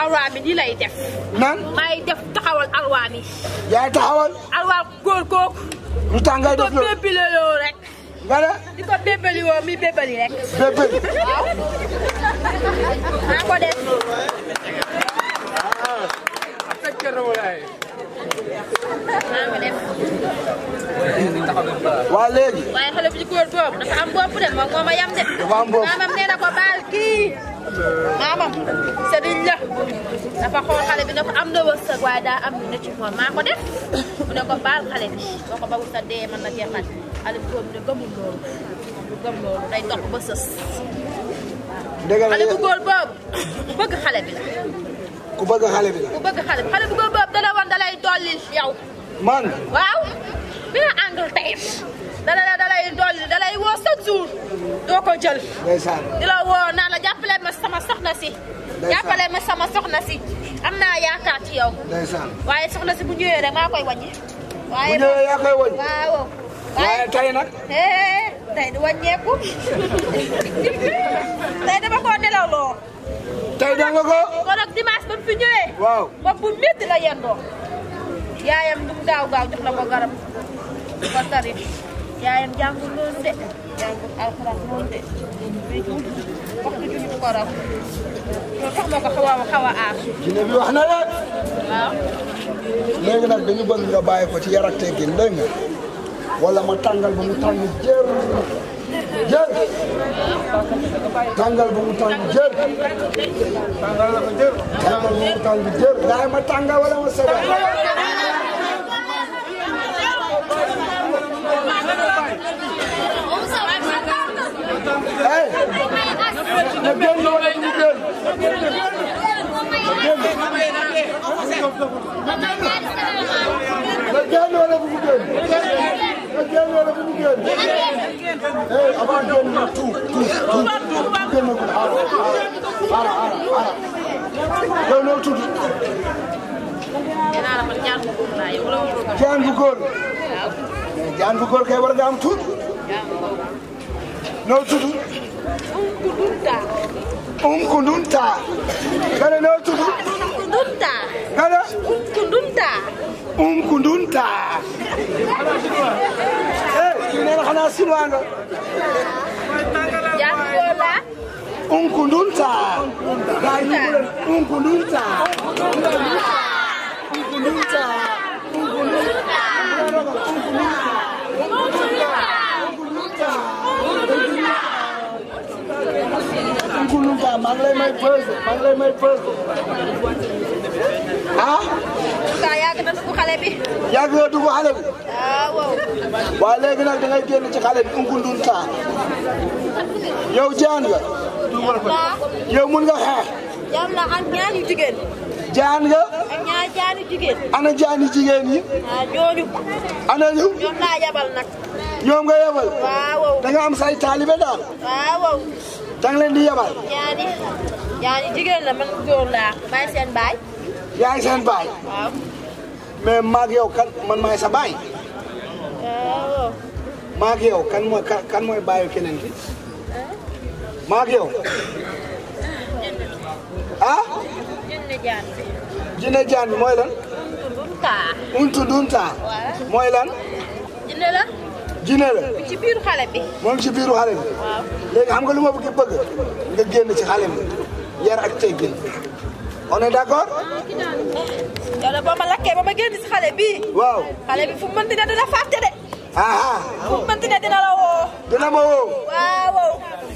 alwaa nii lay def. nan may def taxawal alwaa yaay taxawal. alwaa góor kooku. lu tax def loolu rek. nga ne. ko bébali woo mi bébali rek. bébali. waaw. maa ko def. waa léegi. waaye xale bu góor boobu dafa am bopp de moom moo ma yam de. dafa am nee na ko baal kii. maamam sëriñ la. dafa xool xale bi ne ko am na wërsëg waaye daa am lu ci moom maa ko def. mu ne ko baal xale bi ko bawul sa dee mën na jeexal. Aliou Ngom de gëmul loolu du gëm loolu day topp ba sës. dëgg la xale bu góor boobu ku bëgg xale bi la. ku bëgg xale bi la. ku bëgg xale bi xale bu góor boobu dana wan dalay dolli yow. man waaw. dina Angleterre. dana la dalay dolli dalay woo chaque jour. doo ko jël. ndeysaan di la woo naan la jàppale ma sama soxna si. ndeysaan jàppale ma sama soxna si. am naa yaakaar ci yow. ndeysaan waaye soxna si bu ñëwee rek maa koy wàññi. waaye bu ñëwee yaa koy wàññi waaw. waaye tey nag. tey du wàññeeku. tey dama koo nelawloo. tey da nga ko. nag dimanche ba mu fi ñëwee. waaw bopp bu métti la yendoo. yaayam du mu gaaw gaaw la ko garab ko tari yaayam jàngul loolu de jàngul alxuraan loolu de wax na la. waaw. nag dañu bëgg nga bàyyi ko ci yar ak teggin wala ma tàngal ba mu tàng jër jër tàngal ba mu tàng jër tàngal ba mu tàng jër daay ma tàngal wala ma saba na génn wala ñu génn na génn wala bu mu génn génn wala bu ñu génn. eh avant génn na tuub tuub tuub génnagul xaaral xaaral xaaral yow noo tudd. jaan bu góor. jaan bu góor kay war nga am tuut. noo tudd. Unku Ndunta. nga ne noo tudd. Ndunta. nga ne. Unku Ndunta. unkundunta kii nee na xanaa sinuwaa nga unkundunta gaa yi ñu leen unkundunta unkundunta unkundunta maa ngi lay may pause maa ngi lay may pause ah temps yàgg na dugg xale bi. yàgg nga dugg ah, waaye léegi nag da génn ci xale bi ungundun taa. yow jaan nga. yow mun nga xeex. jam na ak ñaari jigéen. jaan nga. ak jaani jigéen. ana jaani jigéen yi. ah ñooñu. ana ñu. ñoom laa yabal am say taalibe di yabal. jaani jaani jigéen man góor laa. maay seen baay. yaay seen baay. mais maag yow kan man maay sa baay. waaw. maag kan mooy kan mooy baayu keneen ki. maag yow. ah. Jinne Jaan. Jinne Jaan bi mooy lan. Untu mooy lan. Jinne la. Jinne la. mu ci biiru xale bi. moom ci biiru xale bi. léegi xam nga lu ma bëgg nga génn ci xale bi yar ak teggin. on est d' accord. ma lakkee ba ma génn si xale bii. waaw xale bi fu mu mënti ne dina fàtte de. ah, ah. fu mu mënti ne dina la woo. dina ma woo. waaw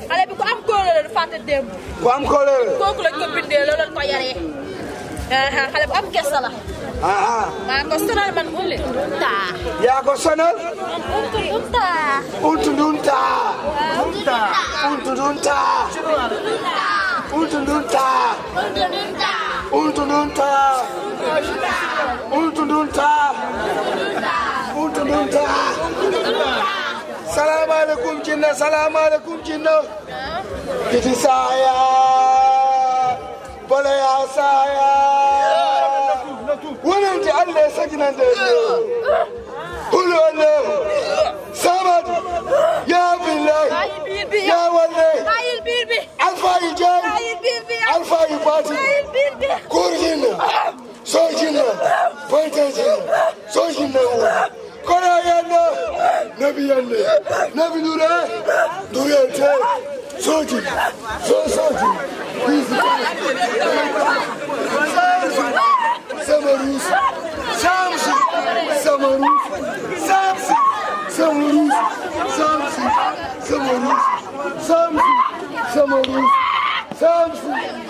xale bi ku am kóolóore du fàtte démb. ku am kóolóore. kooku lañ ko bindee loolu ko yaree. xale bu am gerte la. ah. maa ah. ko sonal man Uli. Ntaa. yaa ko sonal. Ntaa. Untuduntaa. Ntaa. Untuduntaa. Untuduntaa. Untuduntaa. Untuduntaa. Untuduntaa. Salaamaaleykum Jinne salaamaaleykum Jinne. Kiti Saaya. bala ya saya wannan ta Allah ya saki nan da ya Kulu Allah Samad Ya billahi Ya wallahi Alfa Jan Alfa Ibati Kurjin Sojin Fantajin Sojin Korayen Nabiyen Nabi Nure Duriyete Soji! So Soji! He's Samarus! Samsi! Samarus! Samsi! Samarus! Samsi! Samarus! Samsi! Samarus! Samsi!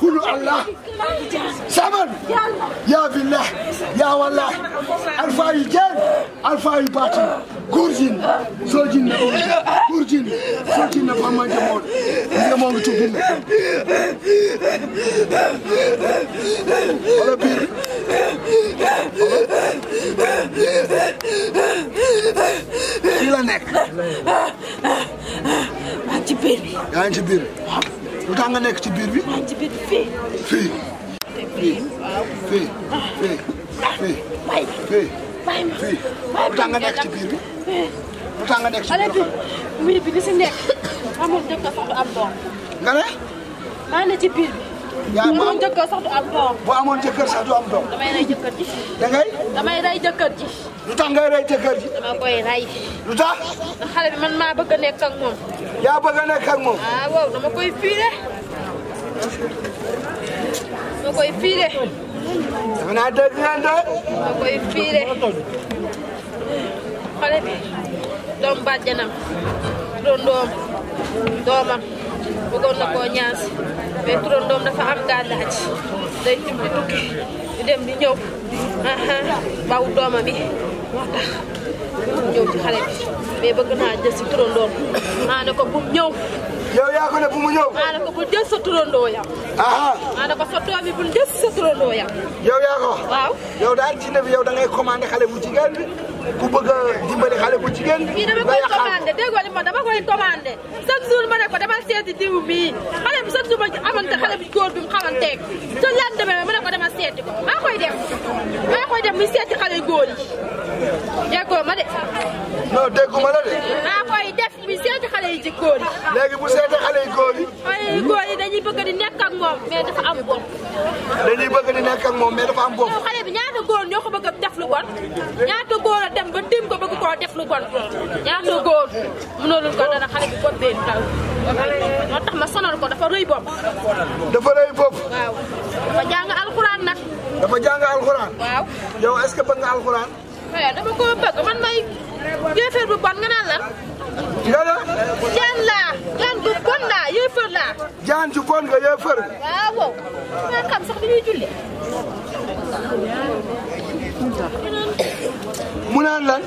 كل الله سمر يا بالله يا والله الفاي جن الفاي باتن كورجين سوجين كورجين سوجين فما جمون جمون تبين ولا بير في لا نك yaa ngi ci biir. yaa ngi ci biir. lu tax nga nekk ci biir bi. maa ngi ci biir fii. fii. fii fii fii fii. bàyyi fii fii lu tax nga nekk ci biir bi. lu tax nga nekk ci biir xale. mbir bi li si nekk amul dëkk sax du am doom. nga ne. maa ne ci biir bi. yaa bu amoon jëkkër sax du am doom. bu amoon jëkkër sax du am doom. damay rey jëkkër ji. da ngay. damay rey jëkkër ji. lu tax ngay rey jëkkër ji. dama koy rey. lu tax. ndax xale bi man maa bëgg a nekk ak moom. yaa bëgg a nekk ak moom. ah waaw dama koy fiire. dama koy fiire. dama naa dégg ngeen de. dama koy fiire. xale bi. doom bàjjanam. doon doom doomam. bëggoon na koo ñaas mais turandoom dafa am gàllaaj day timbi tukki di dem di ñëw bawu dooma bi moo tax ñëw ci xale bi mais bëgg naa jël si turandoom maa ko bu mu ñëw. yow yaa ko ne bu mu ñëw. maa ne ko bu jël sa turandoo yam. maa bu jël sa turandoo yam. waaw yow daal ci ne bi yow da ngay commandé bu jigéen ku bëgg a dimbali bu jigéen bi. fii dama koy commandé déggoo li ma dama koy commandé chaque jour ma ne ko demal seeti diw mii xale bi chaque jour ma amante xale bu góor bi mu xamanteeg te lan demee ma ne ko demal seeti ko. maa koy def maa koy def muy seeti xale yi déggoo ma de. non dégguma la de. maa koy def muy seeti xale yi ci xale yi. xale yu yi bëgg di nekk ak moom mais dafa am bopp. dañuy bëgg di nekk ak moom mais dafa am bopp. xale bi ñaata góor ñoo ko bëgg a def lu bon ñaata góor a dem ba tim ko bëgg koo def lu bon ñaata góor mënoonul ko dara xale bi bopp benn taw. moo tax ma sonal ko dafa rëy bopp. dafa rëy bopp. waaw dafa jàng alxuraan nag. dafa jàng alxuraan. waaw yow alxuraan. waaw eh, bu bon nga naan lan. nga jaan laa jaan bu bon laa yéefar laa. jaan ju bon nga yéefar. mu naan lan.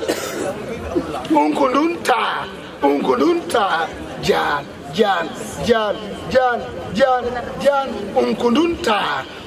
unkundun taa unkundun taa jaan jaan jaan jaan jaan jaan unkundun taa.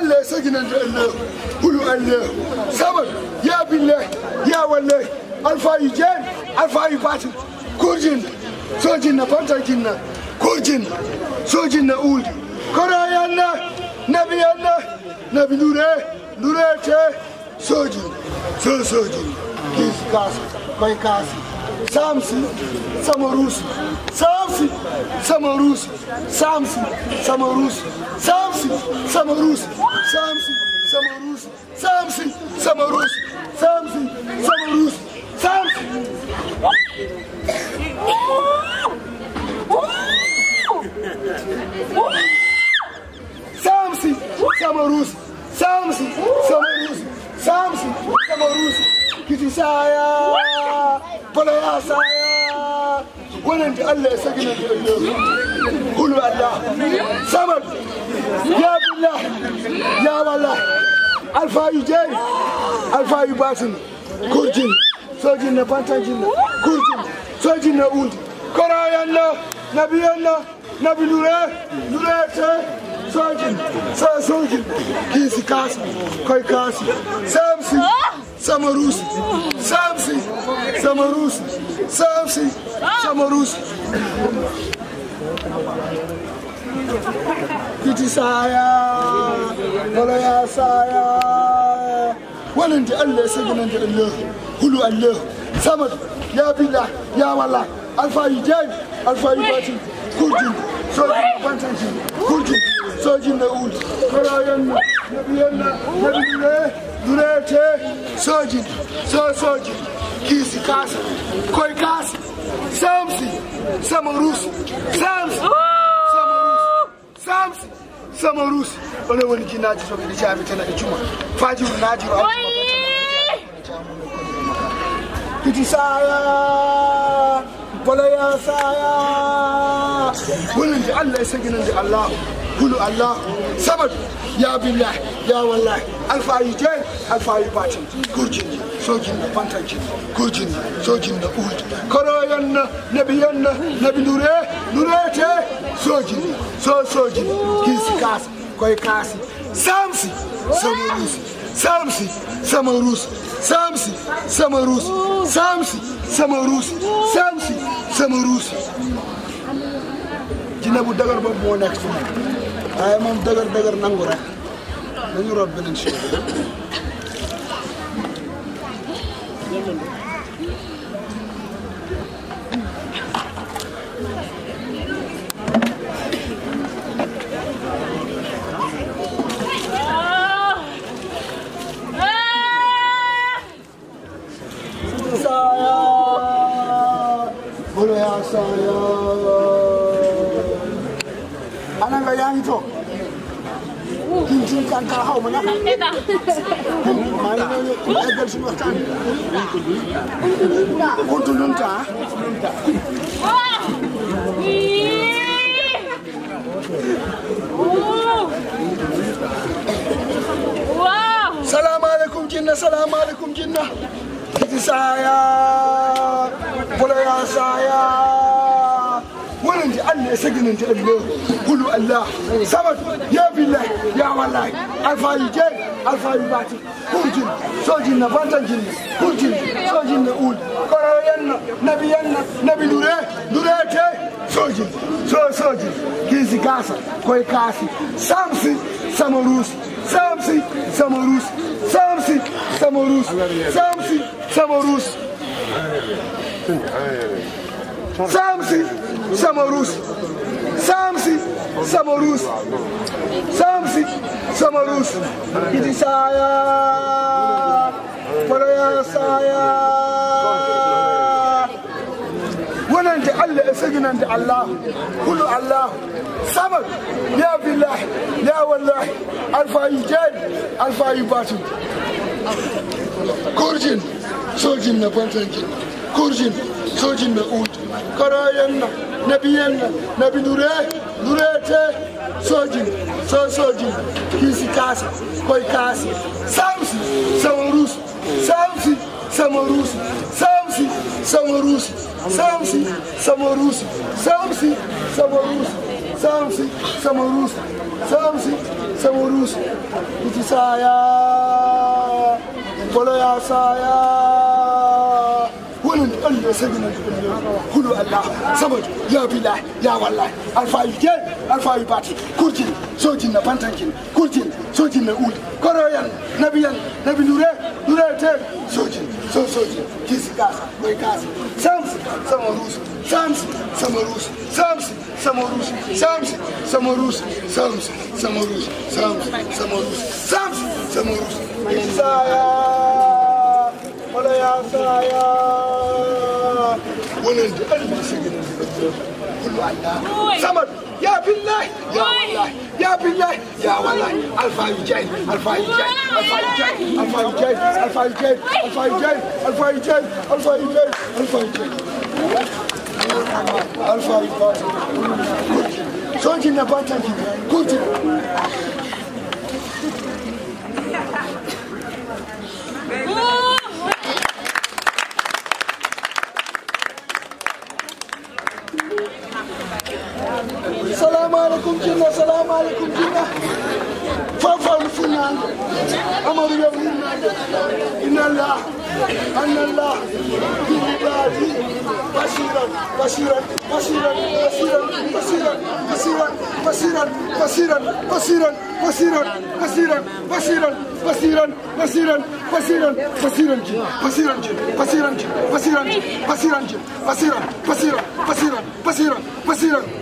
Allah ya saginanta Allah kulu Allah sabar ya billah ya wallahi alfayi jen alfayi batin kurjin sojin na fantarkin na kurjin sojin na udi korayan na nabiyan na nabi nure nure ce sojin so sojin kis kasu mai Samsi sama ruus Samsi sama ruus Samsi sama ruus Samsi sama ruus Samsi sama ruus Samsi sama ruus Samsi sama ruus Samsi masaya wannan Allah ya saki na jirgin kulu Allah samad ya billah ya wallah alfa yu jeri alfa yu batin kurjin sojin na bantajin kurjin sojin na undi korayan na nabiyan na nabi lure lure ce sojin sai sojin kisi sama ruus samsi sama ruus samsi sama ruus kiti saya wala ya saya walanta Allah sai gananta Allah hulu Allah samad ya billah ya wallah alfayi jani alfayi batin kurjin sojin bantanci kurjin sojin na ul karayan na nabiyan dureete soojini so soojini kiisi kaasa koye kaasa samsi sama ruusi samsi sama ruusi samsi sama ruusi one woni jinnaji soɓe ɗi jaabi tan aɗe cuma fajiru najiru piti saya boloya saya hulunde allah e saginande allahu hulu allahu sabadu ya billah ya wallahi alfayu jeen alfayu batin gurjinji sojinɗo pantanjinɗo gurjinɗo sojinɗo ɓuuji koroyonna nebi yonna nebi ndure ndurete sojini so sojini kiisi kaasa koye kaasi samsi sama ruus samsi sama ruus samsi sama ruus samsi sama ruus samsi jinnabu dagar bobu mo nekk fu waaye moom dëgër dëgër nangu rek dañu rob beneen chef bi Saya, xanaa nga ngi toog. kii ci Kantar xaw ma nag. maa ngi leen di eggal suñu waxtaan bi. Kuntu Nunta. waaw. salaamaaleykum jinna salaamaaleykum jinna. Kiti Saaya. Boloya Saaya. ولن جعلنا سجنا جعلناه قولوا الله سبت يا بالله يا والله الفاي جاي الفاي باتي كوجن سوجن فانتن جن كوجن سوجن نقول قراينا نبينا نبي نوره نوره جاي سوجن سو سوجن كيزي كاسا كوي كاسي سامسي سامروس سامسي سامروس سامسي سامروس سامسي سامروس Hey, hey, hey. Samsi sama ruus Samsi sama ruus Samsi sama ruus idi saya faraya allah e seginande allahu hulu allahu samad ya billahi ya wallahi alfayi jeeɗi kurjin sojin ɓe uuji koroyenna nabiyenna nabi ndure ndurete sojin so sojin kiisi kaasa koye kaasi samsi sama ruusi samsi sama ruusi samsi sama ruusi samsi sama ruusi wonin ɗanɗo sagina ɗuɗo huɗo allah sabotu yo bilah ya wallahi alfayi jeewi alfayi bati kurtin sojinna bantankin kurtin sojinna uuli koroyan nabiyan nabi nure nure te sojin so sojin kisi gasa ɓoy gasa samsi sama ruusu samsi sama ruusu samsi sama ruusu samsi sama ruusu samsi sama ruusu samsi sama ruusu samsi sama ruusu saya wala yaa saa yaa wanen di andi sigina kullu allah samad ya billahi ya wallahi ya billahi ya wallahi alfa yu jay alfa yu jay alfa yu jay alfa yu jay alfa yu jay alfa yu jay alfa yu jay alfa yu jay alfa yu jay alfa yu jay sonji na batanji kuti Oh! salaamaaleykum jinne salaamaaleykum jinne fafal fu ñaande amadu yow ni ñaande inna allah anna allah bi ibaadi basiran basiran basiran basiran basiran basiran basiran basiran basiran basiran basiran basiran basiran basiran basiran ji basiran ji basiran ji basiran ji basiran ji basiran basiran basiran basiran basiran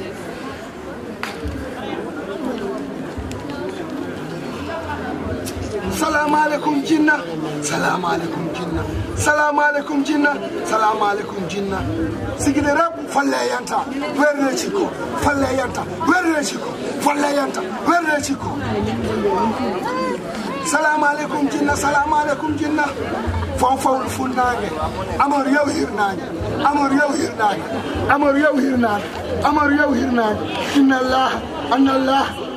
salaamaaleykum jinna salaamaaleykum jinna salaamaaleykum jinna salaamaaleykum jinna sigide falle yanta werre cikko falle yanta werre cikko falle yanta werre cikko salaamaaleykum jinna salaamaaleykum jinna fonfawlu funnaange amor yow hirnaange amor yow hirnaange amor yow hirnaange amor yow hirnaange inna allah anna allah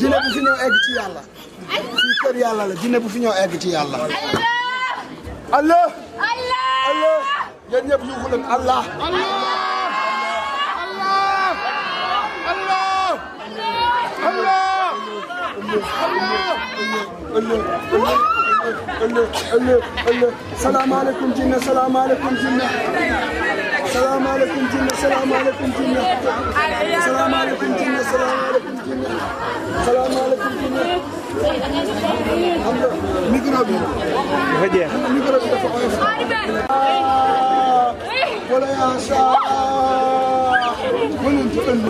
jinne bu fi ñëw egg ci yàlla fii kër yàlla la jinne bu fi ñëw egg ci yàlla allah allah allah yéen ñëpp yuuxu leen allah salaamaaleykum jinne salaamaaleykum jinne salaamaaleykum jinne salaamaaleykum jinne salaamaaleykum jinne salaamaaleykum jinne salaamaaleykum jinne xam nga micro bi dafa jeex micro bi dafa oyof ah, wala yaa saa mënuñ ci ënd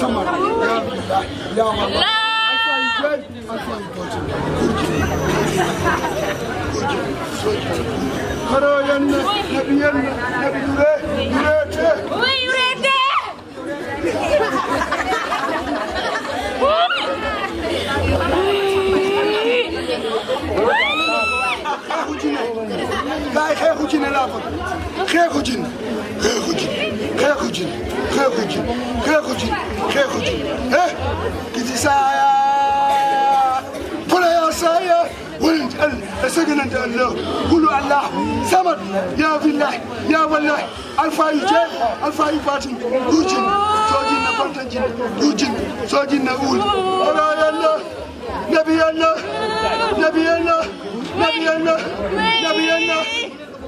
sama yaa ma Alpha you good, Alpha you good. Karayen Nebiyen Nebi Yüre Yürete Uy Yürete Gay xeexu ci ne laa bëgg xeexu ci ne xeexu ci xeexu ci xeexu ci xeexu ci xeexu ci eh kiti saa yaa pula yaa saa yaa ولنت سجننت الله قولوا الله سمد يا بالله يا والله الفاي جاي الفاي فاتن دوجين سوجين بنتجين دوجين سوجين أول أرى الله نبي الله نبي الله نبي الله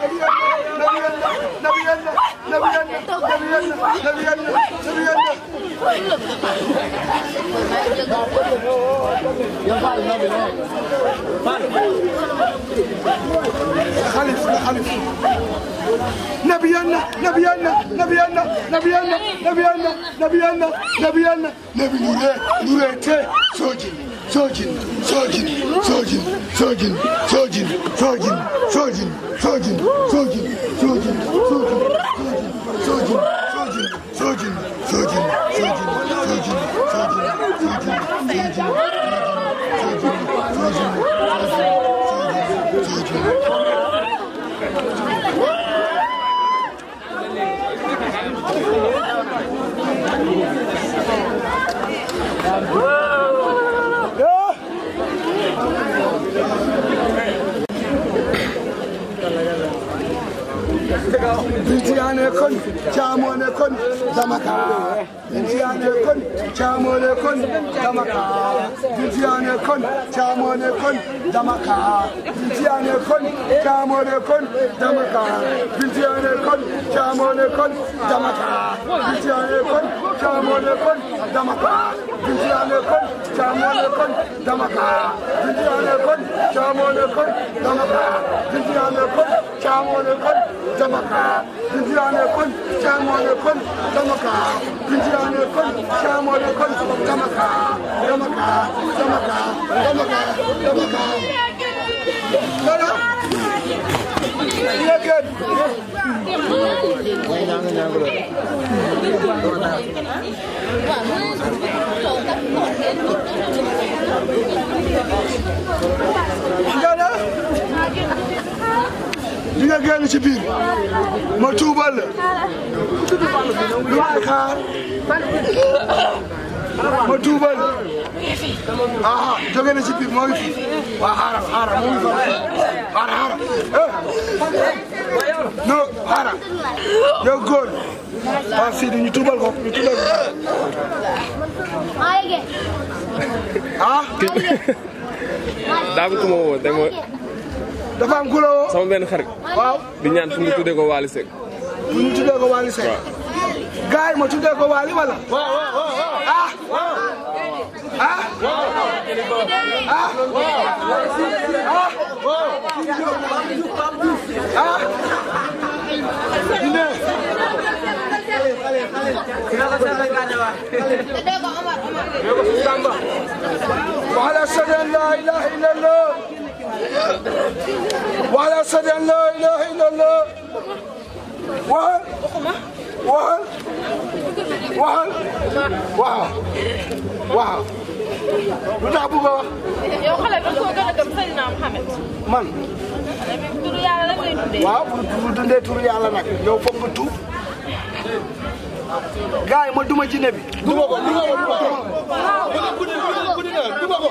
Nabiyana, Nabiyana, Nabiyana, Nabiyana, Nurete, Nurete, Sojini. Sakin, sakin, sakin, sakin, sakin, sakin, sakin, sakin, sakin, sakin, sakin, sakin, sakin, sakin, sakin, sakin, sakin, sakin, Bintiya ne kon, Chamo kon, Damaka. Bintiya kon, Chamo ne kon, Damaka. Bintiya kon, Chamo ne kon, Damaka. Bintiya ne kon, Chamo kon, Damaka. Bintiya kon, Chamo chamone kon dama ka dindiyane kon chamone kon dama ka dindiyane kon chamone kon dama ka dindiyane kon chamone kon dama ka dindiyane kon chamone kon dama ka dama ka dama ka dama ka dama ka li nga génn ci biir ma tuubal la. ma tuubal ah ci biir moo ngi fi waaw xaaral xaaral moo ngi fa xaaral xaaral eh. non xaaral yow ñu tuubal ko ñu tuubal ko ah daa ku ma woo dama dafa ku la woo sama benn xarit waaw di ñaan fu mu ko Waly Seck fu ko Waly gaay ma tuddee ko Wally wala ah ah ah وعلى أشهد أن لا إله إلا الله وعلى أشهد أن لا إله إلا الله waxal waxal waaw waaw lu tax bëgg a ko gën man. turu yàlla rek lay dundee. waaw bu turu yàlla nag yow foog nga tuub. gars yi ma duma jinne bi. duma ko duma ko duma ko. duma ko duma ko.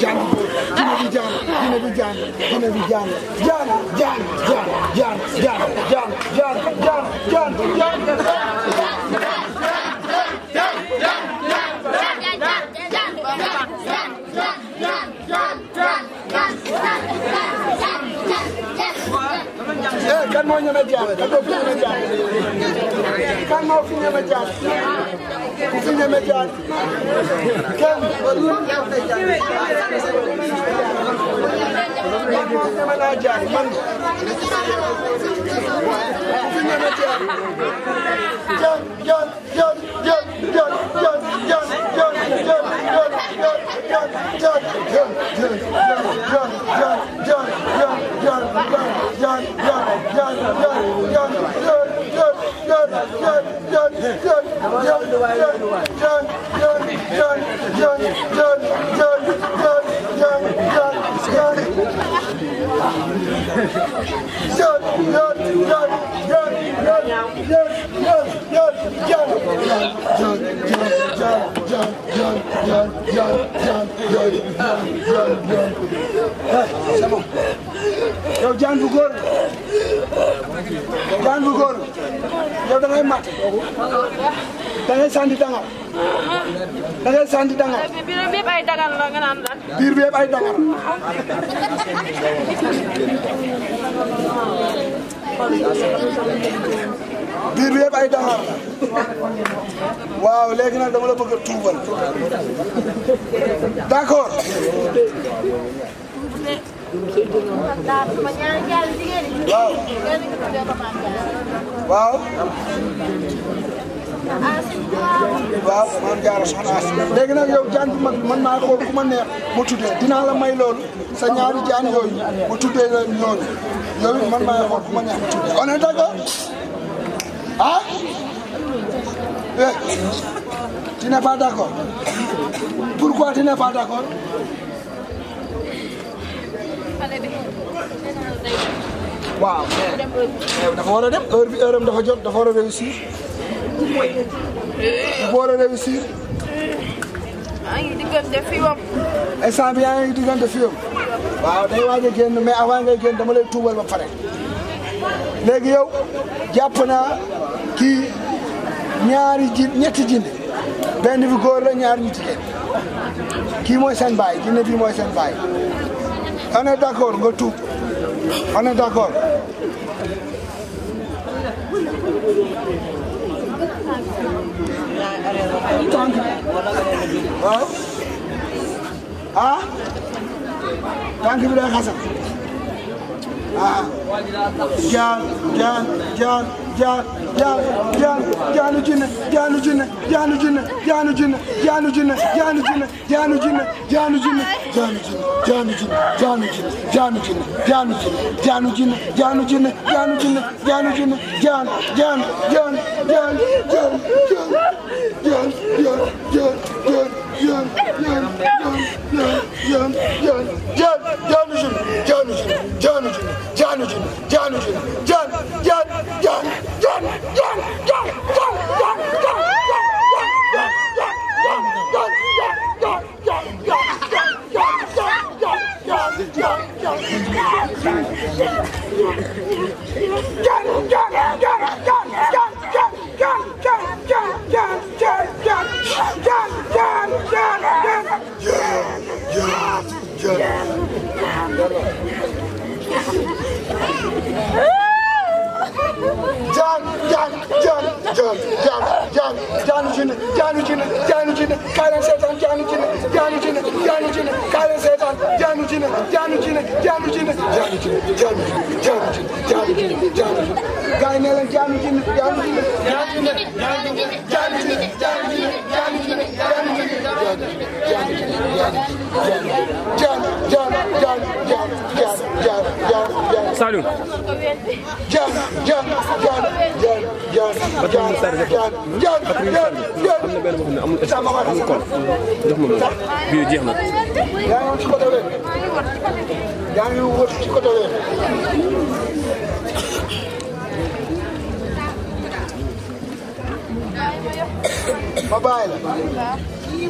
jàng dina bi jàng dina bi jàng dina bi jàng jàng jàng jàng jàng jàng jàng jàng jàng jàng jàng jàng jàng jàng jàng Eh, kan moo ñeme jaar kan moo fi ñeme jaar kan moo fi ñeme jaar ku fi ñeme jaar kenn man moo ñeme naa jaar man ku fi ñeme jaar jël jël jël jël Done, done, done, done. yow jaan bu góor jaan bu góor yow da ngay mat da ngay sandi dangar da ngay sandi dangar biir bi yëpp ay dangar la nga naan lan biir bi yëpp ay dangar biir bi yëpp ay daxaar waaw léegi nag dama la bëgg a tuubal d'accord waaw waaw waaw man jaara soxna as léegi nag yow jaan man maa xool ku ma neex ma tuddee dinaa la may loolu sa ñaari jaan yooyu ma tuddee leen yow it man maa ngi xool ma neex ma tuddee on est d'accord ah? eh, pas d'accord pourquoi tu n'es pas d'accord. waaw dafa war dem heure bi heure dafa jot dafa war réussir. dafa war réussir. a ngi diggante fiwam. instant ngi diggante fiwam. waaw day waaj a génn mais avant ngay génn dama lay tuubal ba pare. léegi yow jàpp naa kii ñaari ji ñetti jinne benn bi góor la ñaar ñu jigéen kii mooy sen baay jinne bii mooy seen baay on est d'accord nga tuub on est d'accord. tànk waaw ah tànk bi day xasal ah jaan jaan jaan jaan jaan jaan jaanu jinne jaanu jinne jaanu jinne jaanu jinne jaanu jinne jaanu jinne jaanu jinne jaanu jinne jaanu jinne jaanu jinne jaanu jinne jaanu jinne jaanu jinne jaanu jinne jaanu jinne jaanu jinne jaan jaan jaan jaan jaan jaan jaan jaan jaan yoon yoon yoon yoon yoon jaanu junni jaanu junni jaanu junni jaanu junni jaan jaan jaan jaan jaan jaan jaan jaan jaan jaan jaan jaan Yeah. jaan jaan jaan jaan jaan jaan jaanu jinne jaanu jinne jaanu jinne kaay leen seetaan jaanu jinne jaanu jinne jaanu jinne kaay leen seetaan jaanu jinne jaanu jinne jaanu jinne jaanu jinne jaanu jinne jaanu jinne jaanu jinne jaanu jinne gaay ne leen jaanu jinne jaanu jinne jaanu jinne jaanu jinne jaanu jinne jaanu jinne jaanu jinne jaanu jinne jaanu jinne jaanu jinne jaanu jaanu jaanu jaanu jaanu jaanu jaanu jaanu jaanu ma bàyyi la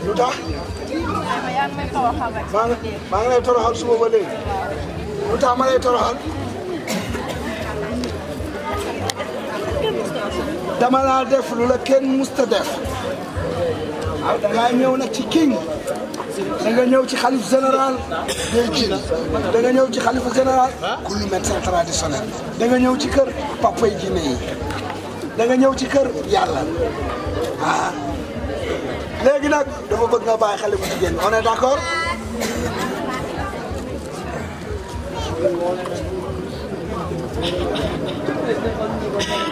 lu tax maa ngi lay toroxal suba ba léegi lu tax ma lay toroxal dama laa def lu la kenn musta def ah da nag ci king da nga ñëw ci xalif général day jili da ñëw ci xalifa général kullu médecin traditionnel da ñëw ci kër papa yi jinne yi ñëw ci kër yàlla ah. léegi nag dafa bëgg nga bàyyi xale bu jigéen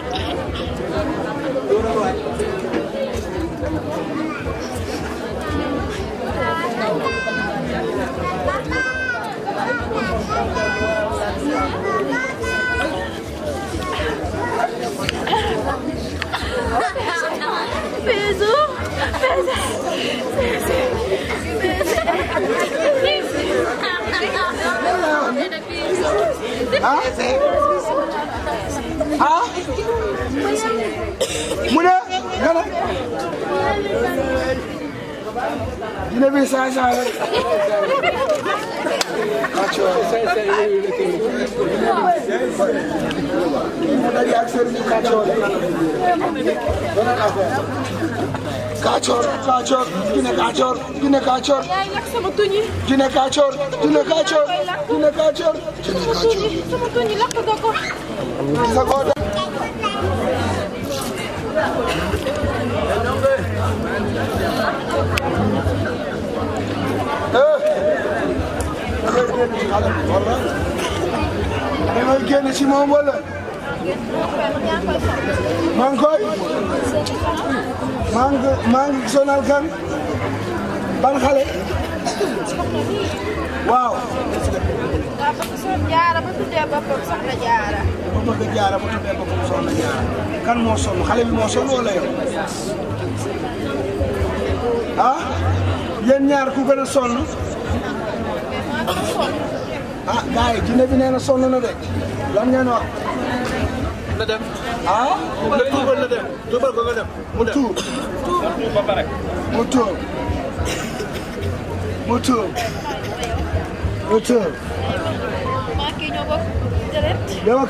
on Peso! Peso! Peso! Peso! ah <coughs> mu ne yine bir sen sen. Kaç o? Sen sen yine öyle Burada bir aksörün kaç o? Bana kafa. Kaçor, kaçor, yine kaçor, yine kaçor. Yine kaçor, yine kaçor, yine kaçor. Yine kaçor. Sa korda da ngay génn ci moom wala. maa ngi koy. maa ngi maa ngi sonal kan. ban xale. waaw. waaw parce que soxna Diarra ba tuddee boppam soxna Diarra. ba bëgg Diarra ba tuddee boppam soxna Diarra. kan moo sonn xale bi moo sonn wala yow. ah. yéen ñaar ku gën a sonn. ah gars yi bi nee na de lan ngeen wax. Ah? ko nga dem mu dem mu tuub mu tuub mu tuub. maa kii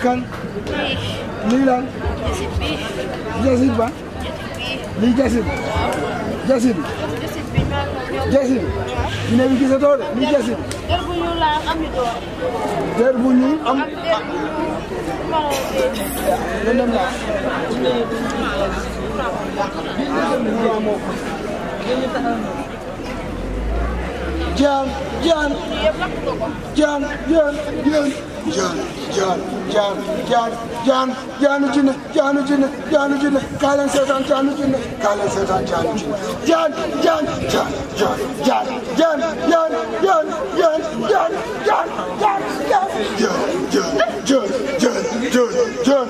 kan. lii lan. ba. lii jasit. jeexin dina bi gisatoo de muy jeexin. bu ñuul am ñu jaan jaan jaan jaan jaan jaan jaan jaan jaan jaan jaanu jinne jaanu jinne jaanu jinne kaa leen seetaan jaanu jinne kaa leen seetaan jaanu jinne jaan jaan jaan jaan jaan jaan jaan jaan jaan jaan jaan jaan jaan jaan jaan jaan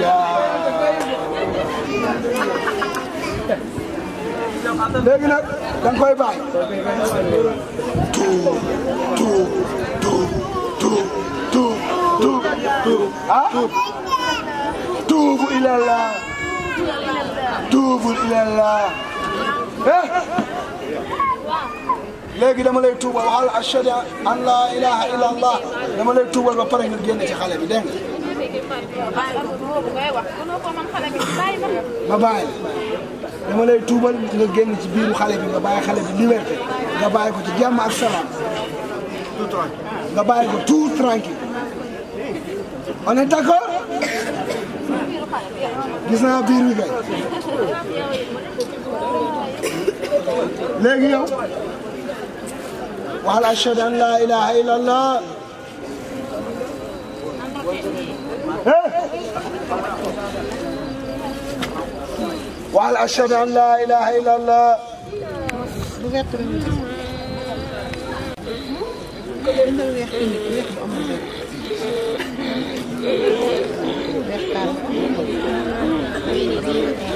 jaan léegi nag da nga koy bàyyi. tuut tuut tuut tuut tuut tuut tuut ah. tuubu ilallah tuubu ilallah eh. léegi dama lay tuubal waxal ashhadu an laa ilaaha illallah dama lay tuubal ba pare nga génn ci xale bi dégg ba bàyyi dama lay tuubal nga génn ci biiru xale bi nga bàyyi xale bi liberté nga bàyyi ko ci jàmm ak salaam nga bàyyi ko tout tranquille on est d'accord gis naa biir bi kay léegi an la ilaha illallah وعلى أشهد أن لا إله إلا الله Thank you.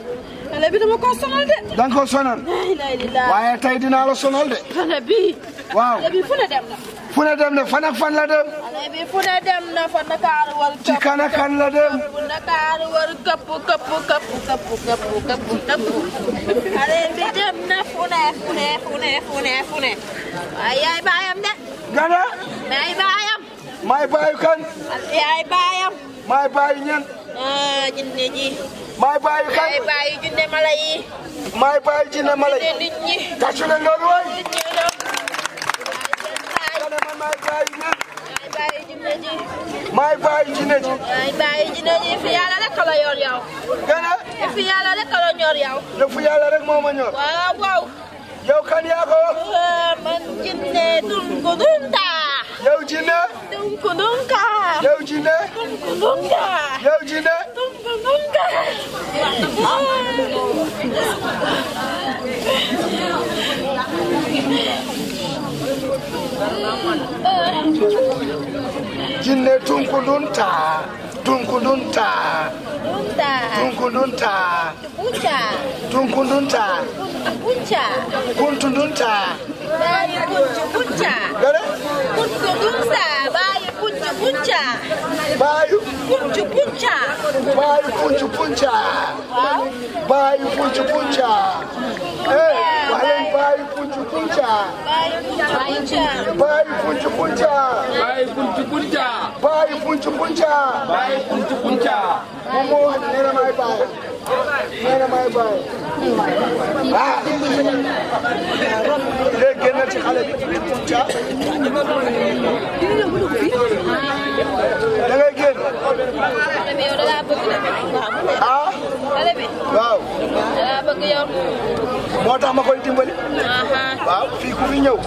xale bi dama ko sonal de. da nga ko sonal. waaye tey dinaa la sonal de. xale bi. waaw xale bi fu ne dem na. fu ne dem na fan ak fan la dem. xale bi fu ne dem na fa Dakar war. ci kan ak kan la dem. Dakar war këpp këpp këpp këpp këpp këpp këpp. xale bi dem na fu ne fu ne fu ne fu ne fu ne. waaye yaay baayam de. gana. maay baayam. maay baayu kan. yaay baayam. maay baayu ñan. ah jinne ji. maay bàyyi kan maay bàyyi junne mala yi. maay bàyyi junne mala yi. nit ñi tàccu leen loolu waay. nit ñi loolu. maay maay bàyyi man. maay bàyyi junne ji. maay bàyyi junne ji. maay bàyyi junne ji fi yàlla rek la yor yow. gën a. fi yàlla rek la ñor yow. ne fi yàlla rek moo ma ñor. waaw waaw. yow kan yaa ko. man junne dun ko dun taa. yow jinne Tunku Dunka yow jinne Tunku Dunka yow jinne Tunku Dunka jinne Tunku Dunta tunkudunta tunkudunta tunkudunta kuntudunta kuntudunta kuntudunta bayi punca. baayu. puncu punca. baayu puncu punca. waaw. baayu puncu punca. eh wax leen baayu puncu punca. baayu puncu punca. baayu puncu punca. baayu puncu punca. baayu puncu punca. baayu puncu punca. moom moo wax ne la may baay. nee na may bàyyi. aa léegi génn ci waaw. moo tax ma koy dimbali. waaw fii ku fi ñëw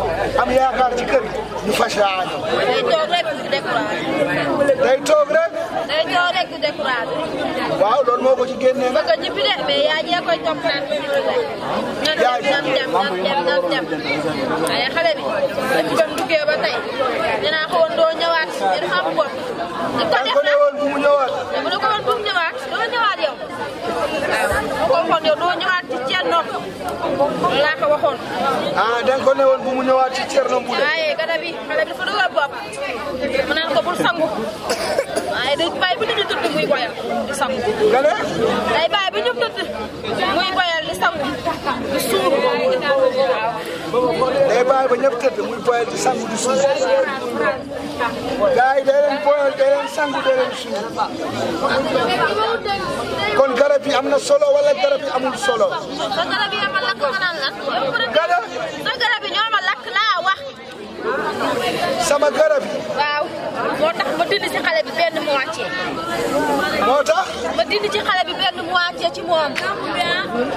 am yaakaar ci kër ñu fas laa day toog rek. day toog rek waaw loolu moo ko ci génnee nga. ko ñibbi de mais yaa jee koy topp naan ñibbi rek. jaay dem dem dem dem waaye xale bi ba ci bam duggee ba tey dinaa ko doo ñëwaat ngir xam ko. di ko def nag bu mu ñëwaat. bu ne ko woon bu doo ñëwaat yow. waaw ko waxoon yow doo ñëwaat ci Thierno ko waxoon. ah da nga ko bu mu ñëwaat ci muy koyal di sangu. bàyyi eh, ba ñëpp tëdd muy boyal di sangu di suuru kon garab yi am na solo wala garab yi amul solo. garab yi ñoo ma lakk nga naan lan. garab lakk laa sama garab moo tax ma dindi ci xale bi benn moitié. moo tax. ma dindi ci xale bi benn moitié ci moom.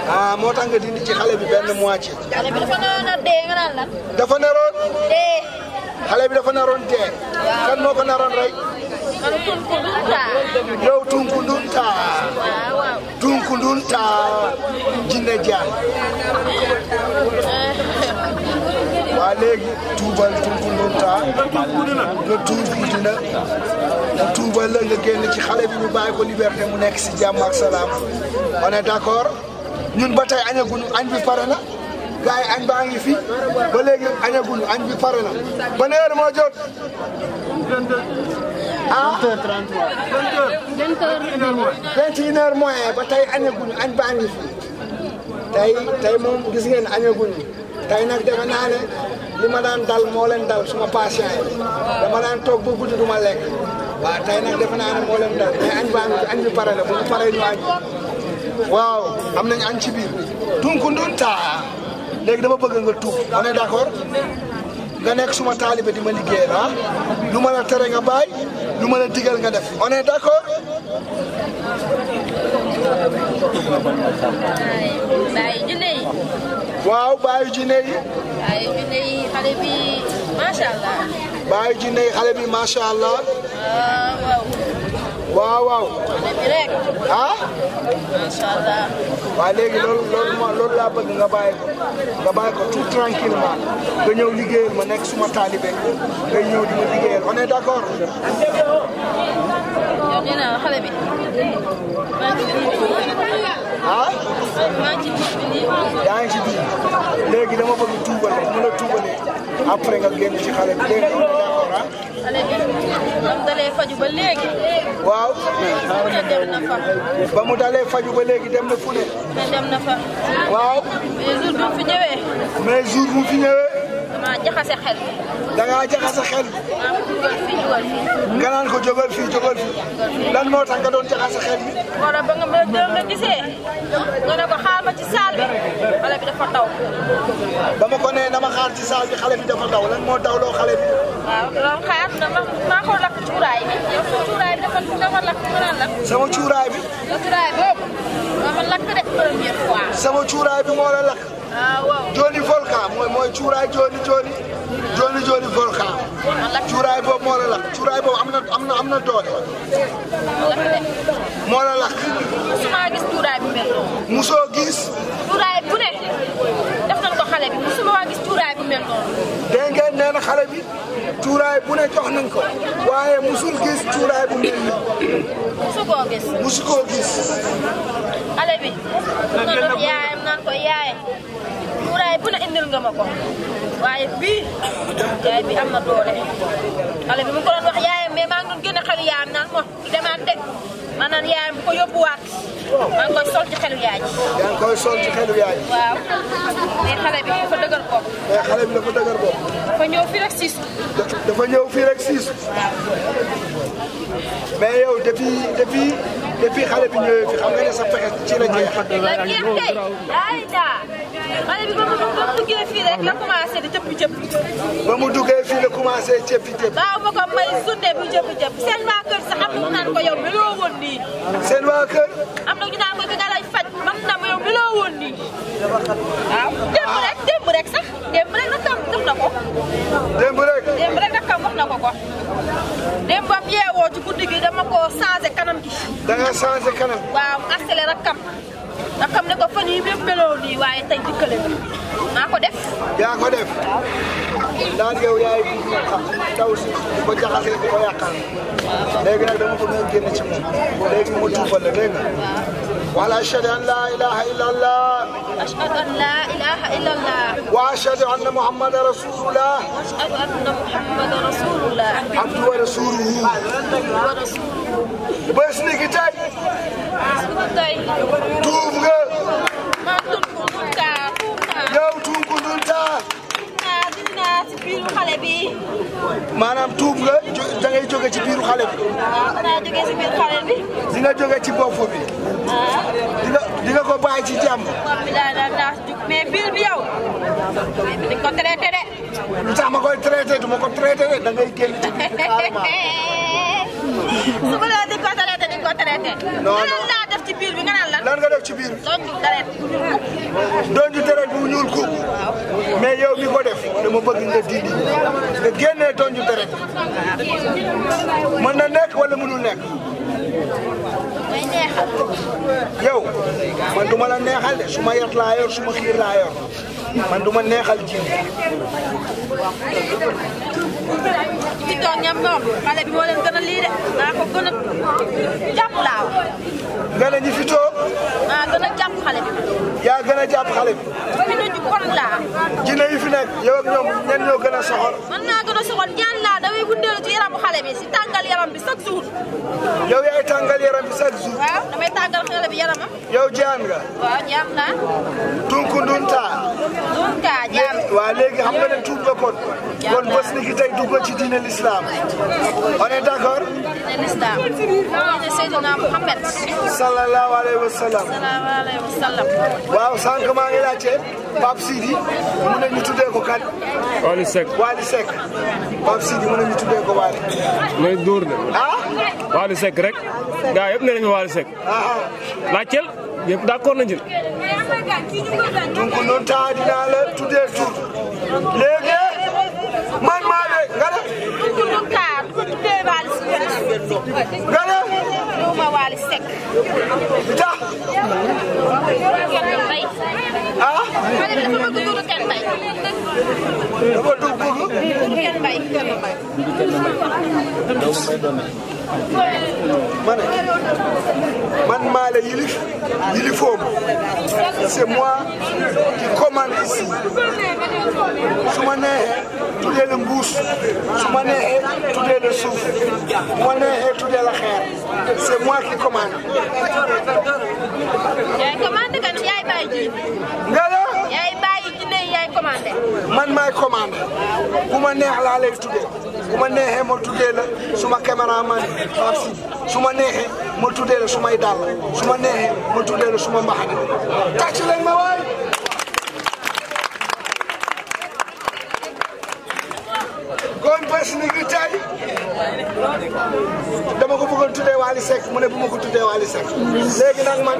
ah moo tax nga dindi ci xale bi benn moitié. xale bi dafa naroon a dee xale bi dafa naroon dee. waaw kan moo ko naroon rey. man Tunkundunta. yow Tunkundunta. waaw waaw. Tunkundunta. Jinne Jaan. Eh. waa léegi tuubal Tumbulunta nga tuub tuubal la nga ci xale bi ñu bàyyi ko liberté mu nekk si jàmm ak salaam on est ñun ba tey añaguñu añ bi pare na añ baa ngi fi añ bi pare na ban heure moo jot ah 21 ba tey añaguñu añ baa ngi fi tey tey moom gis ngeen tey nag defe lu ma daan dal moo leen dal suma patient yi dama daan toog bu guddi du ma lekk waaw tey nag defe naa ne moo leen dal mais añ baa ngi añ bi pare la bu ñu paree ñu añ waaw am nañ añ ci biir tunkundun taa léegi dama bëgg nga tuub on est d'accord nga nekk suma taalibe di ma liggéey ah. lu ma la tere nga bàyyi lu ma la digal nga def on est d'accord waaw baayu jinne yi. baayu jinne yi xale bi macha allah. baayu jinne yi xale ah, waaw. waaw waaw. xale ah? léegi loolu loolu ma loolu laa bëgg nga bàyyi nga bàyyi ko tranquillement nga ñëw liggéeyal ma nekk suma taalibe nga ñëw di ma liggéeyal on est ah. yaa ngi ci biir léegi dama bëgg tuubal ma mën a tuubalee après nga génn ci xale bi ah? léegi am na xale ba mu dalee faju ba léegi dem na fu ne. dem waaw. mais bu fi ñëwee. mais bu fi ñëwee. damaa jaxase xel. da ngaa jaxase xel. maa ngi dugal fii dugal fii. nga naan ko jógal fii moo tax nga doon jaxase xel nga ma doon nga gisee. xaar ma ci saal bi dafa daw. ba ma ko xale bi dafa daw lan moo dawloo xale bi. waaw loolu sama cuuraay bi moo la jooni volcan mooy mooy cuuraay jooni jooni jooni jooni volcan cuuraay boobu moo la lakk cuuraay boobu am na am na am na doole gis cuuraay bi mel musoo gis cuuraay bu ne def nañ ko xale gis cuuraay bu xale bi cuuraay bu ne jox nañ ko waaye musul gis cuuraay bu mel nii. musu koo gis. musu koo gis. xale bi. dëgg la mu yaayam naan ko yaaye. cuuraay bu ne indil nga ko. waaye bi am na doole. xale bi mu ko doon wax yaayam mais maa ngi doon gën xelu yaayam naan mo demaat dëgg. maanaam yaayam ko yóbbuwaat. maa ngi sol ci xelu yaay ji. yaa sol ci xelu yaay waaw mais xale bi dafa dëgër bopp. mais eh, xale bi dafa dëgër bopp. dafa ñëw fii rek siisu. dafa ñëw fii rek siisu. mais yow depuis depuis depuis xale bi ñëwee fi xam nga ne sa pexe ci la jeex. la jeex kay ay daa xale bi ba mu duggee fii rek la commencé di jëpp jëpp. ba mu duggee fii la commencé jëpp jëpp. waaw ba ko may sunde bu jëpp jëpp seen waa kër sax am na ñu naan ko yow bi loo woon nii. seen waa kër. am na ñu naan ko bi nga lay faj man na ma yow bi loo woon nii. waaw. démb rek démb rek sax démb rek nag jox ko. démb rek démb rek wax na ko ko. démb bam yeewoo ci guddi gi dama ko kanam gi. da nga kanam. waaw accéléré ak nga xam ne ko fan yii waaye tey maa ko yaa ko def. daan yow yaay bi taw si di ko jaxase di ko yàqal. léegi nag dama ko mën a génne ci moom. la dégg nga. wala ashhadu an laa ilaaha illallah. ashhadu an laa ilaaha illallah. wa ashhadu anna buum nga. man Tounkounta Tounka. yow Tounkounta. Tounka gis naa ci biiru xale bi. maanaam tuub nga jo da ngay jóge ci biiru xale bi. waaw dinaa jóge ci biiru xale bi. di nga jóge ci bopp bi. ah. di nga di nga ko bàyyi ci jàmm. bopp bi daal daal daal mais biir bi yow. biir bi dañ ko traité de. lu tax ma koy traité du ma ko traité de da ngay génn ci biir bi <laughs> carrément. su ma la di ko traité. ko traité. lan laa def ci biir bi nga naan bi. doon ju deret bu ñuul kooku. doon ju mais yow mi ko def dama bëgg nga dindi nga génnee doon ju deret na nekk wala mënul nekk. yow man du ma a neexal de su ma yat laa yor su ma xiir man du ma neexal ji ci toog ñam moom xale bi moo leen gën a lii de naa ko gën a jàpp laaw nga ne ñi fi maa gën a jàpp xale bi yaa gën a jàpp xale bi fi nu ju kon laa jinne yi fi nekk ñoom ñen ñoo gën a soxor man naa gën a soxor ñaan laa daway wundeelu ci yaramu xale bi si tàngal yaram bi chaque jour yow yaay tàngal yaram bi chaque waaw damay tàggal xale bi yaramam. yow jaam nga. waaw jaam naa. tunku ndunta. ndunta jaam. waaw léegi xam nga ne tuub nga kon. kon bés ni ki tey dugg ci diine l'islam. on est d'accord. diine l'islam. ne Seydina Muhammad. sallallahu alayhi wa sallam. sallallahu alayhi wa sallam. waaw sànq maa ngi laajte. Pape Sidi mu ne ñu tuddee ko kan. Waly Seck Waly Seck Pape Sidi mu ne ñu tuddee ko Waly. mooy dóor de. ah. Waly Seck rek. gaa yëpp ne nañu Waly Seck. Ah, ah. laajteel yëpp d'accord nañu ci. donc noonu taa dinaa la tuddee tur léegi man maa de nga def. mooy man man maa la yilif moi qui commande ici su ma neexee tuddee la mbuus su ma neexee tuddee la suuf Moi, je suis la C'est moi qui commande. Tu commandes quand tu man maay commandé bu ma neex laa lay tuddee bu ma neexee ma tuddee la suma caméraman Pape Sy su ma neexee ma la sumay dàll su ma neexee ma tuddee la suma mbaxane tàcc leen ma waay kon bés ni ngi dama ko bëggoon tuddee Waly Seck mu ne bu ma ko tuddee Waly Seck man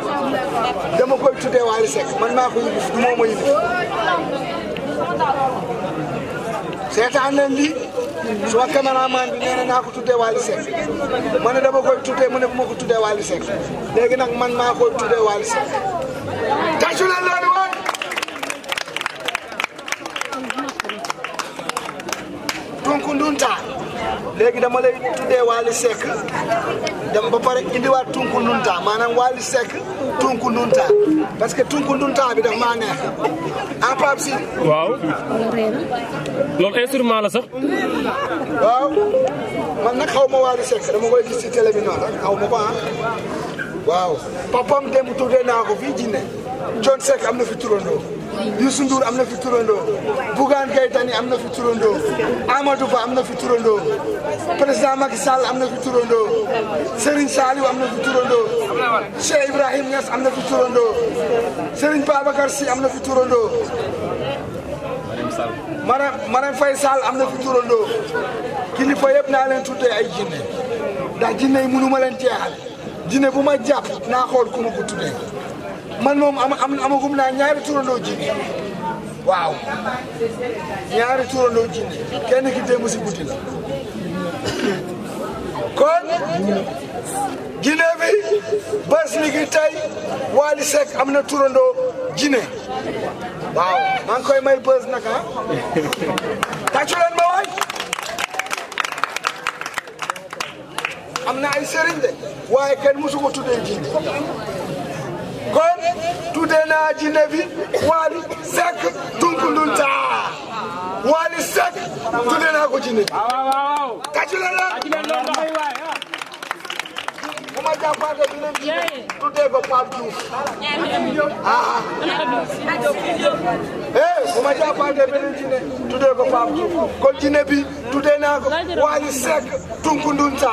dama koy tuddee Waly Seck man maa ko yilif a yilif seetaan leen lii suma caméraman bi nee na naa ko tuddee Waly Seck ma ne dama koy tuddee mu ne bu ma ko tuddee Waly Seck man maa koy tuddee Waly Seck tàccu leen loolu tunkundutaa léegi dama lay tuddee Wally Seck dem ba pare indiwaat tunkundutaa maanaam Wally Seck tunkundutaa parce que tunkundutaa bi daf maa neex en ah, Pape Sy. waaw. loolu instrument la sax. waaw man nag xaw ma Wally Seck dama koy gis ci télé bi noonu rek xaw ma ko ah. waaw papam dem tuddee naa ko fii jinne John Seck am na fi turandoo. Youssou Ndour am na fi turandoo Bougane Gueye Dany am na fi turandoo Amadou Ba am na fi turandoo président Macky Sall am na fi turandoo Serigne am na fi Ibrahim Niass am na fi turandoo Serigne Babacar Sy am na fi turandoo Marème Marème Faye Sall am na fi turandoo kilifa yëpp naa leen tuddee ay jinne ndax jinne yi mënu ma leen jeexal jinne bu ma jàpp naa xool ku ma ko man moom am am amagum naa ñaari turandoo jinne waaw ñaari turandoo jinne kenn ki démb si guddi la jinne bi bés ni ki tey Wally Seck am na turandoo jinne waaw maa ngi koy may bés naka ah. tàccu ma waay am na ay sëriñ de waaye kenn mosu ko tuddee jinne kon tuddee naa jinne bi Waly Tunkundunta Waly Seck tuddee naa ko jinne bi. kàcc na ko Pape Diouf. ah. Eh, ko Pape Diouf kon ko Waly Seck Tunkundunta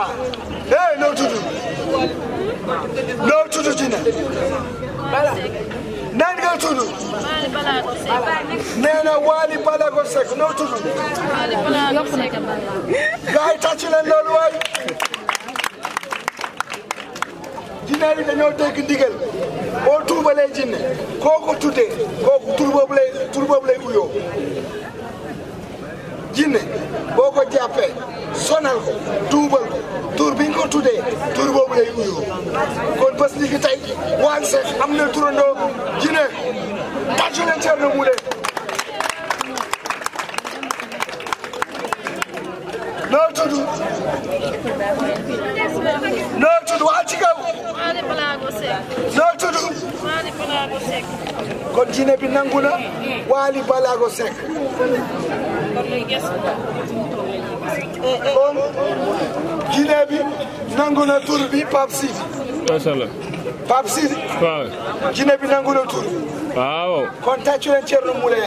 eh noo tudd. loo tudd dina nan nga tudd nee na Wally Ballago Seck noo tudd gars yi tàcc loolu waay jinne yi dañoo dégg ndigal boo tuubalee jinne koo ko tuddee kooku tur boobu lay tur jinne boo ko jàppee sonal ko tur bi nga ko tur boobu lay uyoo kon bés ni ki tey Wally Seck am na jinne tàccu leen Thierno Moule noo tudd noo tudd waa ci kaw noo tudd kon jinne bi nangu na mm-hmm. Wally Ballago Seck kon Guinée bi nangu na tur bi Pape Sidi. macha bi nangu na tur bi. waaw. kon tàccu leen Thierno Moule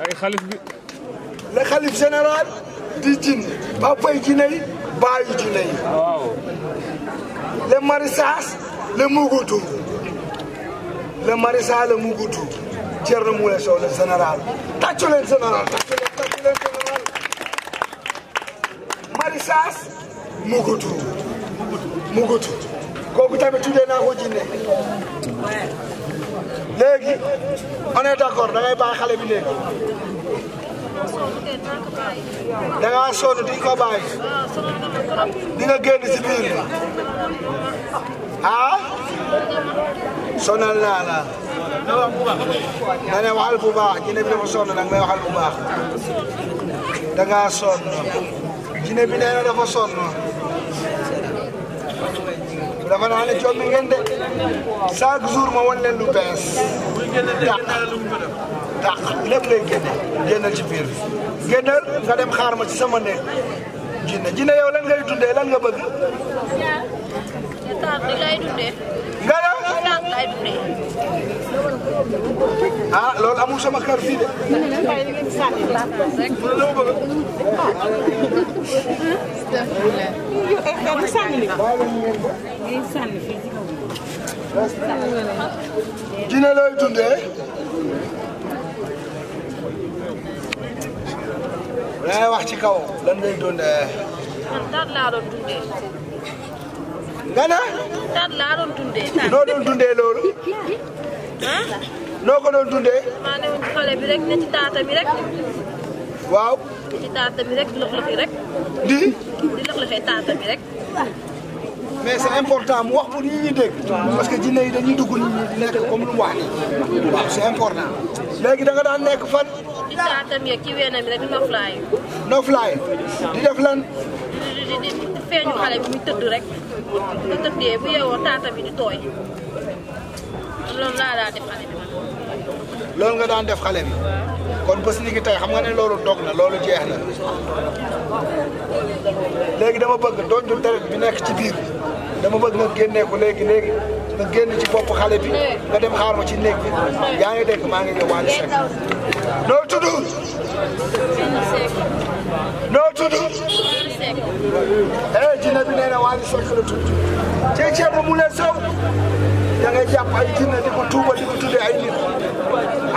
ay xalif bi. le xalif général di jin papay Guinée yi baayu Guinée yi. waaw. le maraîchage le mugutu. le maréchal Mobutu Thierno Moule Sow le général tàccu général tàccu leen tàccu leen général tamit tuddee naa ko jinne léegi on est d'accord da xale bi léegi da ngaa di ko bàyyi di nga génn si biir ah. sonal naa la. na ne waxal bu baax jinne bi dafa sonn nag may waxal bu baax. da ngaa jinne bi nee na dafa sonn. dafa naa ci biir génnal nga dem xaar ma ci sama néeg. jinne jinne yow lan ngay dundee lan nga sànq rek laay dundee. nga dem sànq laay dundee. ah loolu amul sama kër fii de. dina looy dundee. lay wax ci kaw lan ngay dundee. man daal laa doon dundee. nga na. kat laa doon dundee. noo doon dundee loolu. ah. noo ko dundee. maa ne woon xale bi rek ne ci taata bi rek. waaw. ci taata bi rek di di. di lëxlëxee taata bi rek. mais c'est important mu wax pour nit ñi dégg. parce que jinne yi dañuy dugg nit ñi nekk comme lu wax nii. waaw c'est important. léegi da daan nekk fan. ci taatam yeeg ci weenam rek noflaay. noflaay di def lan. feeñu xale bi muy tëdd rek. ba tëb dee bu yeewoo taata bi di tooy loolu laa daa def xale bi man. loolu nga daan def xale bi. kon bés ni ki xam nga ne loolu dog na loolu jeex na léegi dama bëgg donju deret bi nekk ci biir dama bëgg nga génnee ko léegi léegi nga génn ci bopp xale bi nga dem xaar ma ci néeg bi yaa ngi dégg maa ngi ñëw Wally Seck noo tudd eh, jinne bi nee na Wally Seck la tudd ceeg ceeb ba mu leen sow da jàpp ay jinne di ko tuuba di ko tuddee ay nit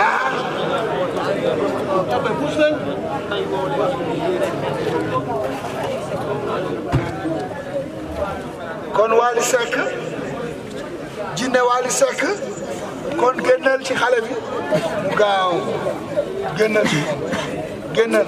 ah! kon Wally Seck jinne Wally Seck kon génnal ci xale bi mu gaaw génnal génnal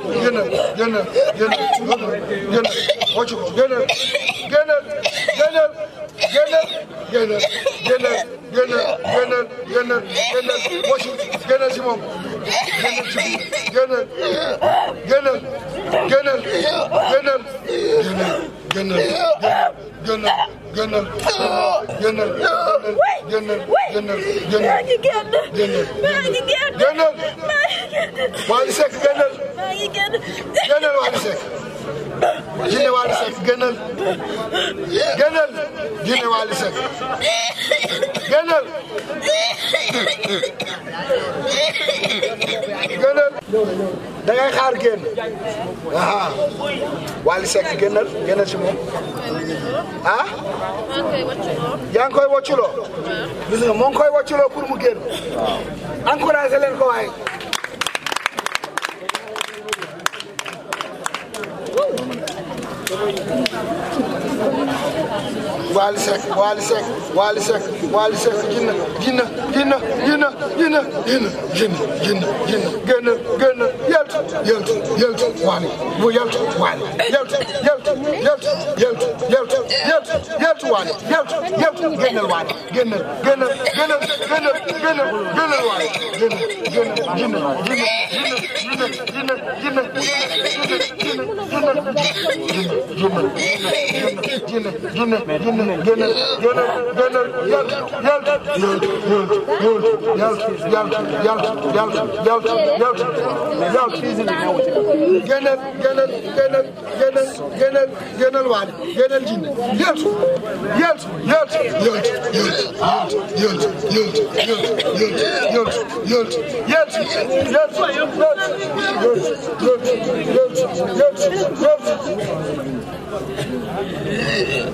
génnal génnal génnal génnal wàcc ko génnal génnal génnal génnal génnal génnal génnal génnal génnal génnal wàcc génnal si moom génnal si biir génnal génnal génnal génnal génnal génnal génnal génnal génnal génnal génnal génnal génnal génnal Wally Seck génnal génnal Wally Seck Djily Wally Seck gënal gënal Djily Wally Seck gënal gënal da xaar génn ah Wally Seck gënal gënal si moom ah yaa ngi koy wàcculoo gis moo ngi koy wàcculoo pour mu génn encouragé leen ko waaye Wally Seck Wally Seck Wally Seck Wally Seck ginna ginna ginna ginna ginna ginna ginna ginna ginna ginna ginna yeltu yeltu yeltu Wally bu yeltu Wally yeltu yeltu yeltu yeltu yeltu yeltu yeltu Wally yeltu yeltu génnal Wally génnal génnal génnal génnal génnal génnal waay génnal génnal génnal génnal génnal génnal génnal génnal génnal génnal yëlt yëlt yëlt yëlt yëlt yëlt yëlt yëlt yëlt yëlt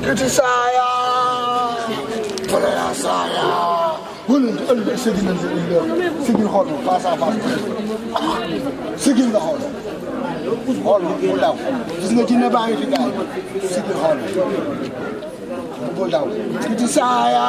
kiti saaya balaya saaya wëlent ëllëg sigil nañ si ëllëg sigil xool ma face à face sigil nga xool xool mu daw gis nga ci ne baa ngi fi gaay sigil xool buldown. Desire,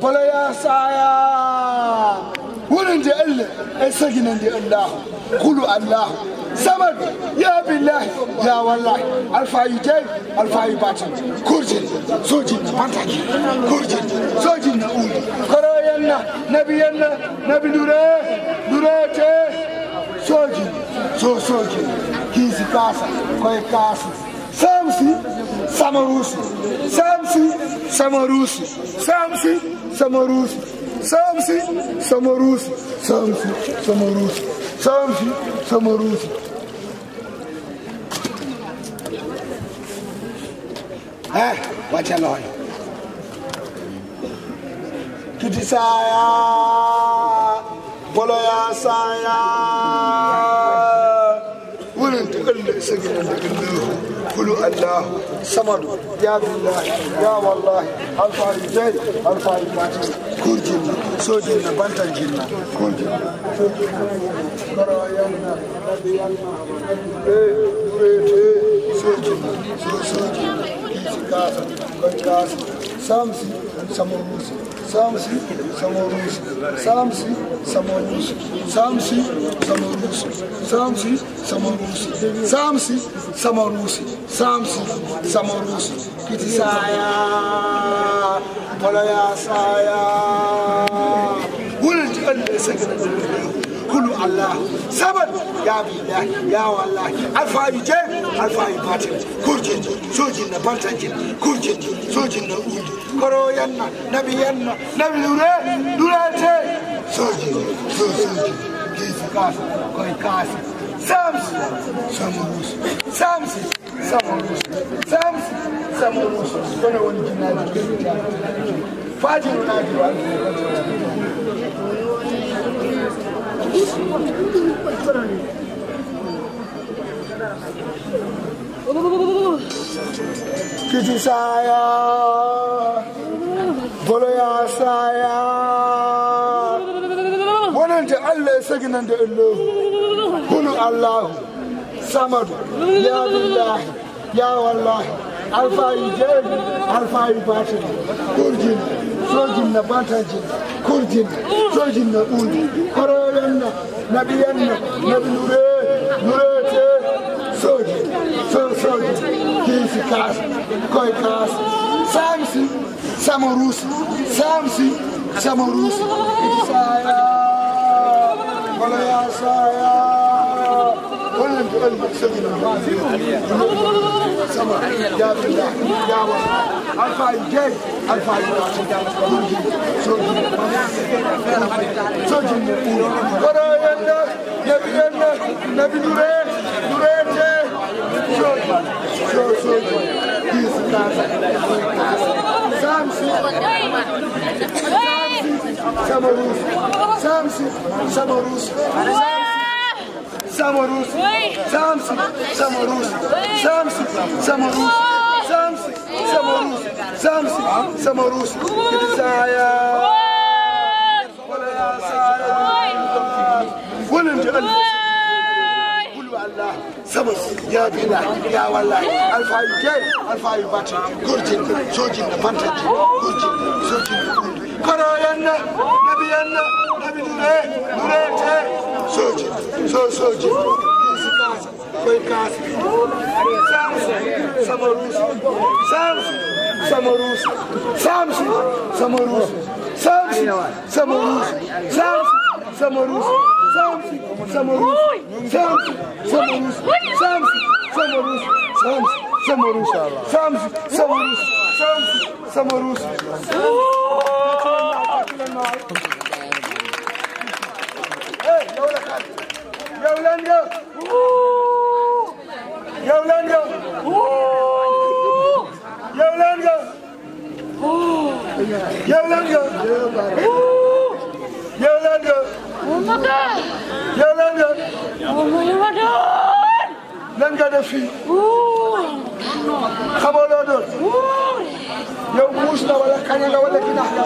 Polaya Saya. Wouldn't the Allah, a second in the Allah, Kulu Allah. Samad, Ya Billah, Ya Wallah, Alfa Yujay, Alfa Yubatan, Kurjin, Sojin, Pantaki, Kurjin, Sojin na Uli, Karayanna, Nabiyanna, Nabi Nure, Nurete, Sojin, So Sojin, Kizi Kasa, Koi Kasa, Samsi sama ruusi Samsi sama ruusi Samsi sama ruusi Samsi sama Samsi sama Samsi sama ruusi ah wàcce kiti saya bolo ya saya ولن تؤل سجلت الله قل الله صمد يا بالله يا والله الفا الجاي الفا الفاتح كل جنة سو جنة بنت جنة كل جنة برايانا ربيانا ايه بيتي سو جنة سو سو جنة كيسي كاسا كاسا سامسي samurmusi samsi samurmusi samsi samurmusi samsi samurmusi samsi samurmusi samsi samurmusi samsi samurmusi kiti saya bala ya saya wul ci ande sa gëna kulu allah saban ya billahi ya wallahi alfayi je alfayi batin kurjeji sojin na bantancin kurjeji sojin na udu koro yanna nabi yanna nabi dure durate sojin sojin kisi kasa koi kasa samsi samurus samsi samurus samsi samurus wani wani jinaji fajin na biyu Kiti saya, boloya saya, wannan da Allah ya sagi nan da illo, kunu Allahu, samadu, ya billahi, alpha yu jeeri alpha yu batini ɓurjinna sojinna batanjinna kurjinna sojinna ɓuuɗi koroyenna naɓiyenna naɓi nure nurete kiisi kaas koye kaas samsi samorus samsi samorus iti saya wala ya saya بقلبك سمينا سما يا بالله يا وحي الفاي جاي الفاي سوجي ورا يندك نبي يندك نبي نوري نوري جاي سوجي سوجي ديس كاسا سامسي سامسي سامسي سامسي Саморус, Самсик, Саморус, Самсик, Саморус, Самсик, Саморус, Самсик, Саморус, Кирисая. ولا سارة ولم تألف الله سبس يا بلا يا والله الفايل جاي الفايل باتي كورجين سوجين فانتاجي كورجين سوجين كورجين كراينا نبينا نبي نوري نوري soji so soji kinsi kaasi koy kaasi samsu sama ruusu samsu sama ruusu samsu sama ruusu samsu sama ruusu samsu sama ruusu samsu sama ruusu samsu sama ruusu samsu sama ruusu samsu sama ruusu samsu sama ruusu samsu sama ruusu yow la xaalis yow lan yow yow lan yow yow lan yow yow lan yow yow lan yow yow lan yow lan nga def fii xamoo loo doon yow muus la wala kañ la wala ginnaaw la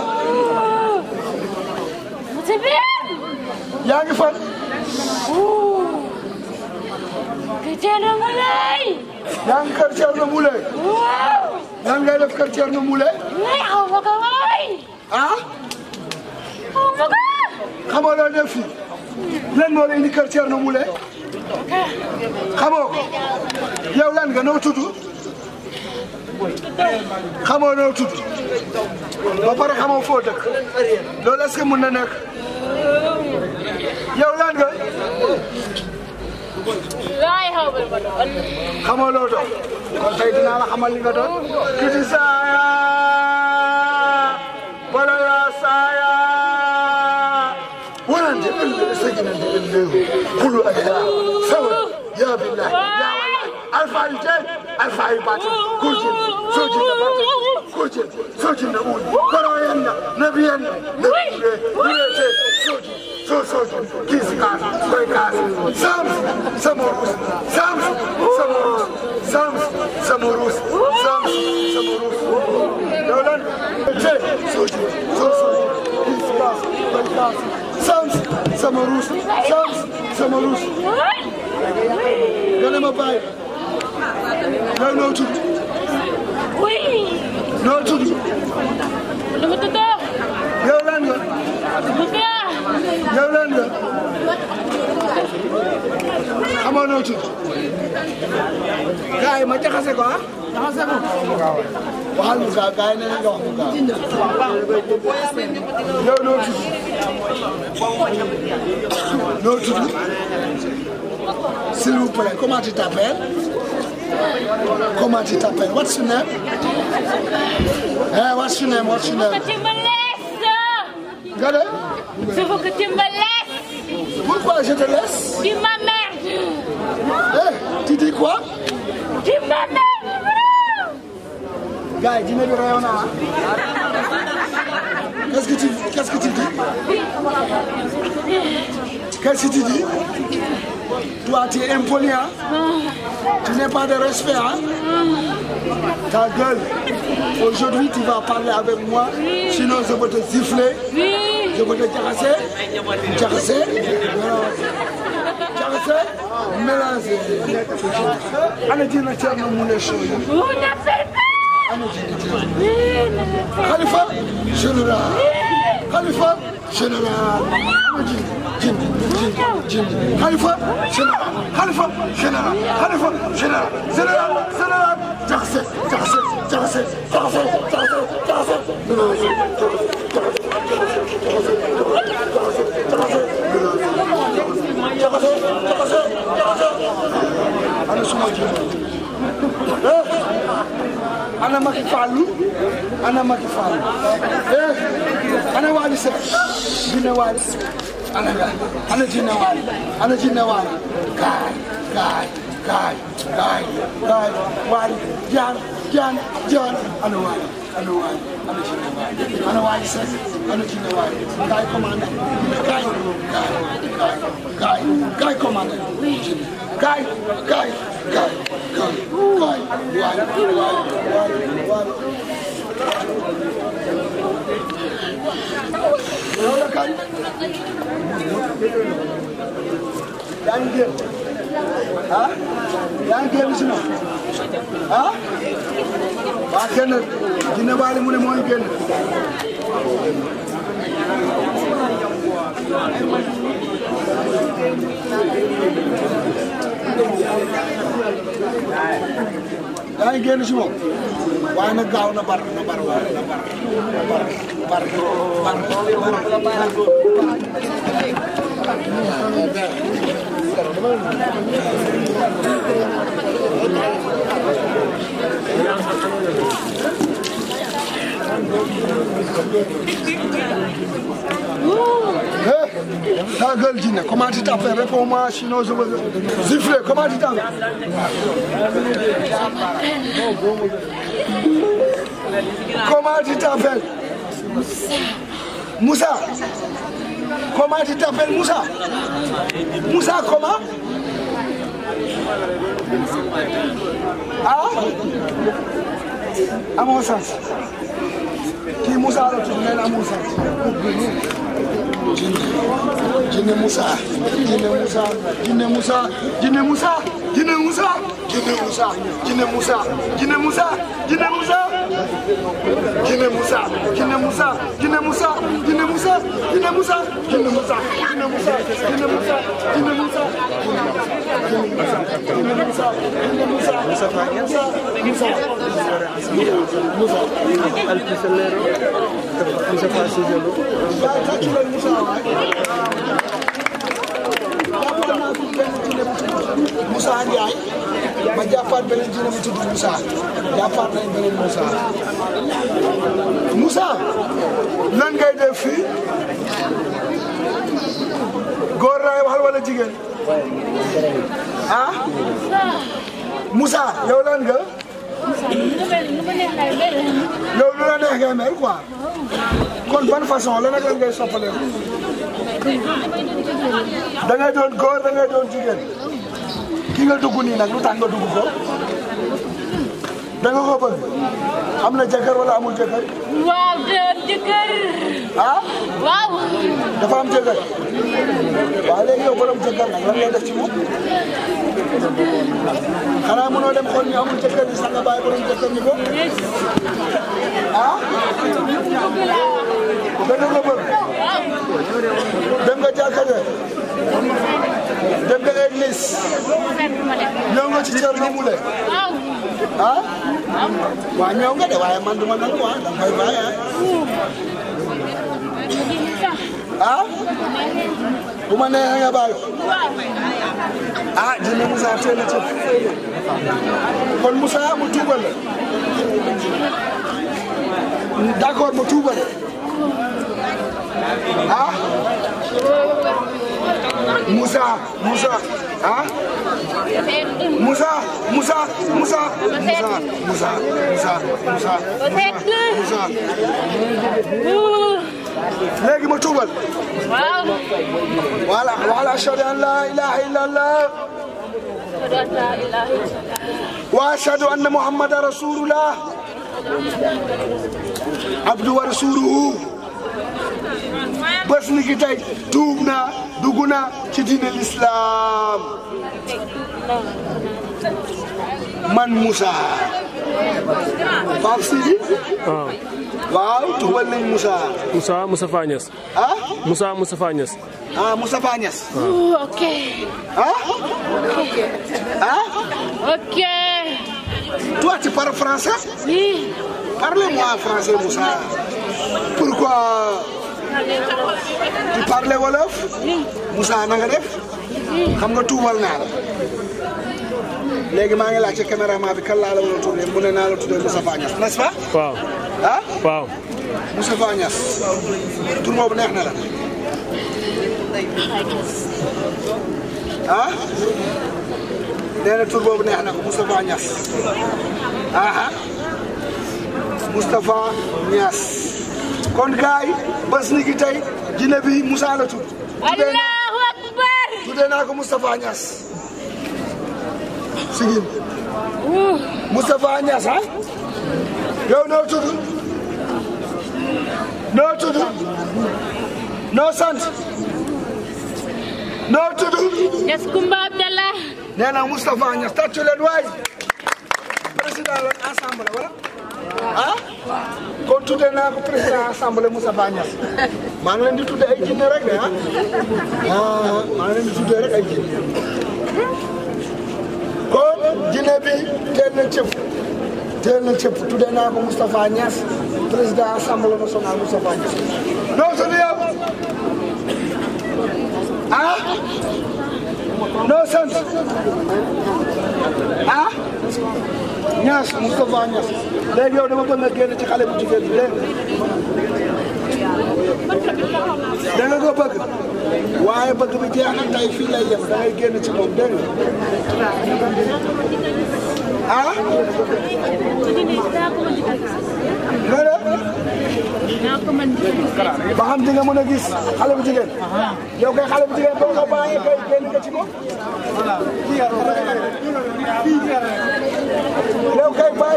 yaa ngi fan. kër Thierno Moule. yaa ngi kër Thierno Moule. waaw. lan ngay def kër Thierno Moule. mais aw ma ko waay. ah. aw ma ko. xamoo loo def fii. lan moo lay indi kër Thierno Moule. xamoo ko. yow lan nga noo tudd. xamoo noo tudd. ba pare xamoo foo dëkk. loolu est-ce que mun na nekk. yow lan nga. laay xaw ma doon. xamoo loo doon kon tey dinaa la xamal li nga doon. kiti saaya wala yaa saaya. warante ëllëg sajinante ëllëgu kulu ak yaa sawa yaa billahi yaa wallahi alfa yu tey alfa yu baati kurjin sojin na baati kurjin sojin na uul koro yenna soosoosu kii si kaas koy kaas sams sama ruus sams sama ruus sams sama ruus sams sama ruus yow lan ce sooji soosoosu kii si kaas koy kaas sams sama ruus sams sama ruus gane ma bàyyi yow noo tudd noo tudd yow lan nga yow lan nga amoon ci gars yi ma jaxase ko ah. jaxase ko. waxal mu gaaw gars yi nee nañ la wax mu gaaw. yow noo tudd. noo tudd. s'il vous plaît comment tu t'appelles. comment tu t'appelles what's your name. hey eh, what's your name what's your name. nga ne. je tu me laisses. pourquoi je te laisse. tu eh tu dis tu m'emmerdes. gars yi dina du réew na ah. quest qu'est-ce que tu dis. qu'est-ce que tu dis. tu es impoli ah. tu n'es pas de respect ah. Ta gueule. Aujourd'hui, tu vas parler avec moi. Sinon, je vais te siffler. Je vais te caresser. Caresser. Caresser. Mélanger. Ana dina Thierno Moule Sow. On n'appelle pas. Ana dina. Khalifa général. Khalifa général. Ana dina. Khalifa général. Khalifa général. Khalifa général. Général. jaxase jaxase jaxase jaxase jaxase mélanger jaxase jaxase ana suma ji ana Macky Fall ana Macky Fall eh, ana Wally Seck dina Wally Seck ana nga ana dina Wally ana dina Wally kaay kaay Kaay kaay kaay Waly Diané Diané Diané ana Waly ana Waly ana Cina Waly ana Waly Seck ana Cina Waly kaay commandé kaay kaay kaay kaay kaay commandé Cina kaay kaay kaay kaay kaay Waly Waly Waly. loolu la kaay yaa ngi dégg. ah yaa ngi génn si ñoom ah waa génn dina baali mu ne moo ñu génn. yaa ngi génn si moom waaye nag gaaw na bar na bar waaye na bar bar bar bar bar Eh, ta gueule, Dine, comment tu t'appelles Réponds-moi, sinon je veux. Zifle, comment tu t'appelles Comment tu t'appelles Moussa. Moussa Comment tu t'appelles Moussa Moussa comment Ah À mon sens. Qui Moussa la tudd nee naa Moussa. Jinne Jinne Moussa Jinne Moussa Jinne Moussa Jinne Moussa Jinne Moussa Jinne Moussa Jinne Moussa Jinne Moussa Jinne Moussa Kiné Moussa Kiné Moussa Kiné Moussa Kiné Moussa Kiné Moussa Kiné Moussa Kiné Moussa Kiné Moussa Kiné Moussa Kiné Moussa Kiné Moussa Moussa Moussa Alpicelero Moussa Fassigelo Moussa Ndiaye ma jàppaat beneen diine mu tudd Moussa jàppaat nañ beneen Moussa Moussa lan ngay def fii góor laay waxal wala jigéen ah Moussa yow lan nga yow lu la neex ngay mel kon ban façon la nag lan ngay soppaleeku doon góor da doon jigéen ki nga dugg nii nag lu tax nga dugg ko da am na jëkkër wala amul jëkkër. waaw dafa am jëkkër. ah. waaw. dafa am jëkkër. waaw léegi yow borom jëkkër nag lan ngay def ci moom. xanaa mënoo dem xool ni sax nga bàyyi borom ni ko. ah. da nga ko bëgg. dem nga église. ñëw nga ci Thierno Moule. ah. waaw ñëw nga de waaye man duma nangu ah da nga koy bàyyi ah. ah. bu ma neexee nga bàyyi ah dina Moussa mu tuubal la mu tuubal ah. Moussa Moussa ah Moussa Moussa Moussa Moussa Moussa Moussa Moussa léegi ma tuubal voilà voilà ashhadu an la ilaha illallah wa ashhadu anna muhammadan rasulullah abdu wa rasuluhu bés ni ki tey tuub naa ci diine lislaam man Moussa Pape Sidi ah. waaw tuubal nañ Moussa Moussa Moustapha Niass ah Moussa Moustapha Niass ah Moustapha Niass ok ah ah ok toi tu parles français oui parle-moi français Moussa pourquoi di parler wolof Moussa na def xam nga tuubal naa la léegi maa ngi laaj ca caméraman bi kan laa la war a tuddee ne naa la tuddee Moustapha Niass n'est-ce pas. waaw ah. waaw Moustapha Niass tur boobu neex na la. ah nee na tur boobu neex na ko Moustapha Niass ah ah Moustapha Niass. kon gaay bés ni ki tey jinne bi Moussa la tudd. allahu akbar. tuddee naa ko Moustapha Niass. sigil. Moustapha Niass ah. yow noo tudd. noo tudd. noo sant. noo tudd. Niass Kumba Abdallah. nee naa Moustapha Niass tàccu leen président la assemblée ah kon naa ko président assemblée Moustapha Niasse maa ngi leen di tuddee ay jinne rek de ah, ah maa ngi leen di rek ay jinne kon jinne bi teel na cëpp teel na naa ko Moustapha Niasse président assemblée nationale Moustapha Niasse non sunu yow ah non sant ah ñaas Moustapha Niass léegi yow dama bëgg nga génn ci xale bu jigéen bi dégg nga ko bëgg waaye bëgg bi jeex na tey fii lay yem da ngay génn ci moom dégg nga ah. ba xam di nga a gis xale bu jigéen. Uh-huh. yow kay xale jigéen boo kay génn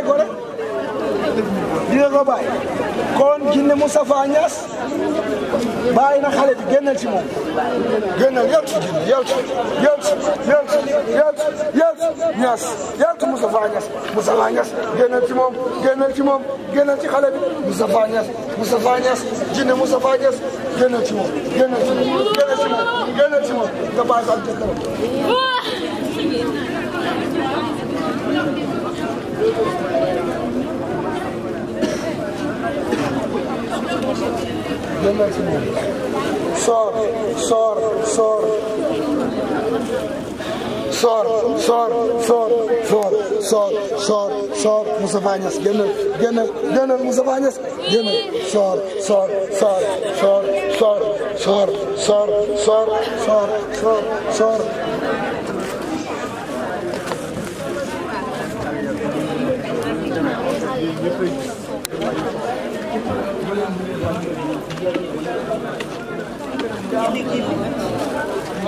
ko. yow dina ko bàyyi kon Jinne Moustapha Niass bàyyi na xale bi génnal ci moom génnal yow ci Jinne yow ci yow ci yow ci yow ci yow ci Niass yow ci Moustapha Niass Moustapha Niass génnal ci moom génnal ci moom génnal ci xale bi Moustapha Niass Moustapha Niass Jinne Moustapha Niass génnal ci moom génnal ci moom génnal ci moom génnal ci moom nga bàyyi ko ak jëkkëram demal ci moom soor soor soor soor soor soor soor soor soor soor Moustapha Niass génnal génnal génnal Moustapha Niass génnal soor soor soor soor soor soor soor soor soor soor soor soor wala seen bopp génn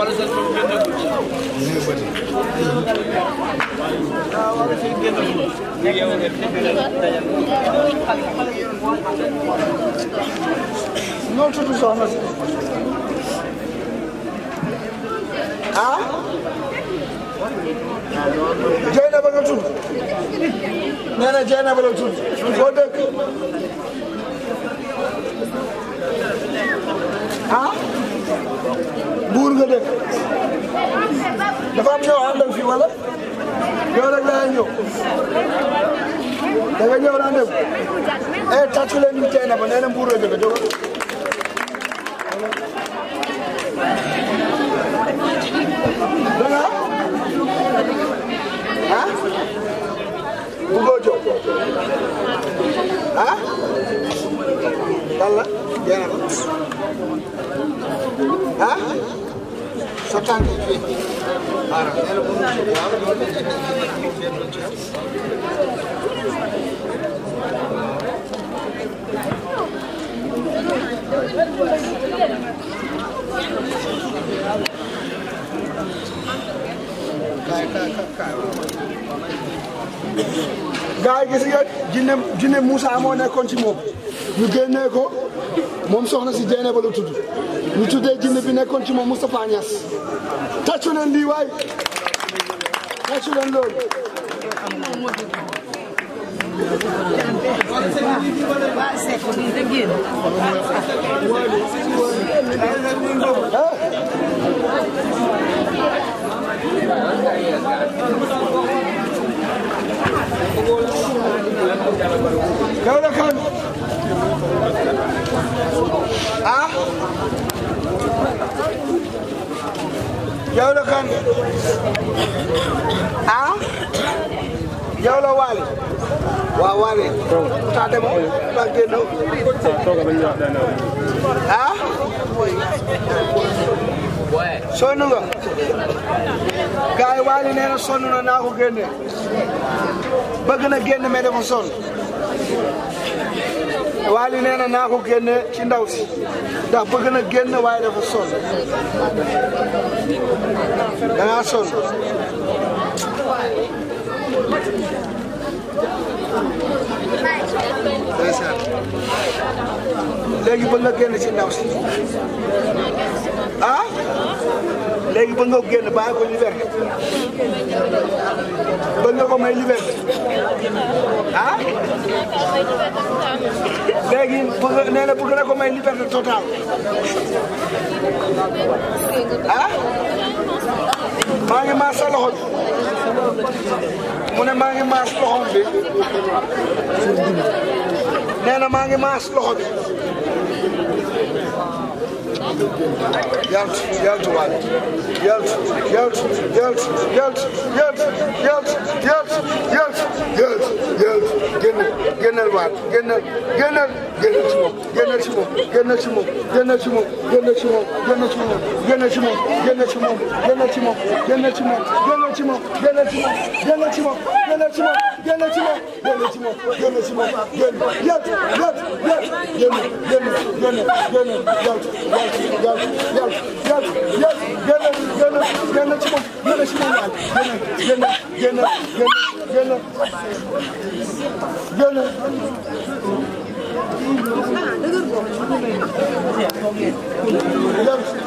ak wala seen génn ak ñu yeewu rek noonu tudd soxna si ah Jeynaba nga tudd nee na Jeynaba la tudd boo dëkk ah mbuur nga dëkk dafa am ñoo àndal fii wala yow rek laa ñëw da nga ñëw naa dem eh tàccu leen ñu tey na ba nee na mbuur la jóge jóge danga ah bëggoo jóg ah lan la ah so tawde feewi ara jinne jinne Moussa moo nekkoon ci moom ñu génnee ko moom soxna si Jeynaba la tudd ñu tuddee jinne bi nekkoon ci moom Moustapha Niass tàccu leen lii waay tàccu leen loolu Dawda Kane ah yow la kan ah yow la Waly waaw taa demoo ba génn ah sonn nga gars yi Waly nee na naa ko génne bëgg na génn mais dafa sonn Waly nee na naa ko génne ci ndaw si ndax bëgg na génn waaye dafa sonn da ngaa sonn. léegi nga génn ci ndaw si ah. léegi bëgg nga ko génn bàyyi ko liberté bëgg nga ko may liberté ah léegi bëgg nee na bëgg may liberté total ah maa ngi maas sa mu ne maa ngi maas loxo bi maa ngi maas loxo Yalt, yalt, one. Yalt, yalt, yalt, yalt, yalt, yalt, yalt, yalt, yalt, yalt, yalt, yalt, génnal waat génnal génnal génnal ci moom génnal ci moom génnal ci moom génnal ci moom génnal ci moom génnal ci moom génnal ci moom génnal ci moom génnal ci moom génnal ci moom génnal ci moom génnal ci moom génnal ci moom génnal ci moom génnal ci moom génnal ci moom génnal ci moom génn yat yat yat génn génn génn génn yat yat yat yat yat génn génn ci moom génn ci moom waay génn génn génn génn génn.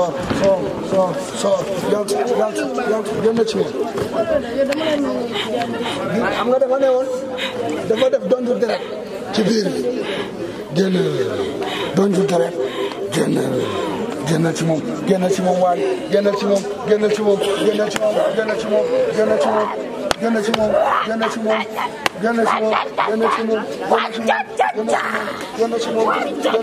soor soor soor soor ci moom. xam nga dafa ne woon dafa def donte deret ci biir bi génn donte deret génn génn ci moom génn ci moom waaye génn ci moom génn ci moom génn ci moom génn ci moom génn ci moom. génn ci moom génn ci moom génn ci moom génn ci moom génn ci moom génn ci moom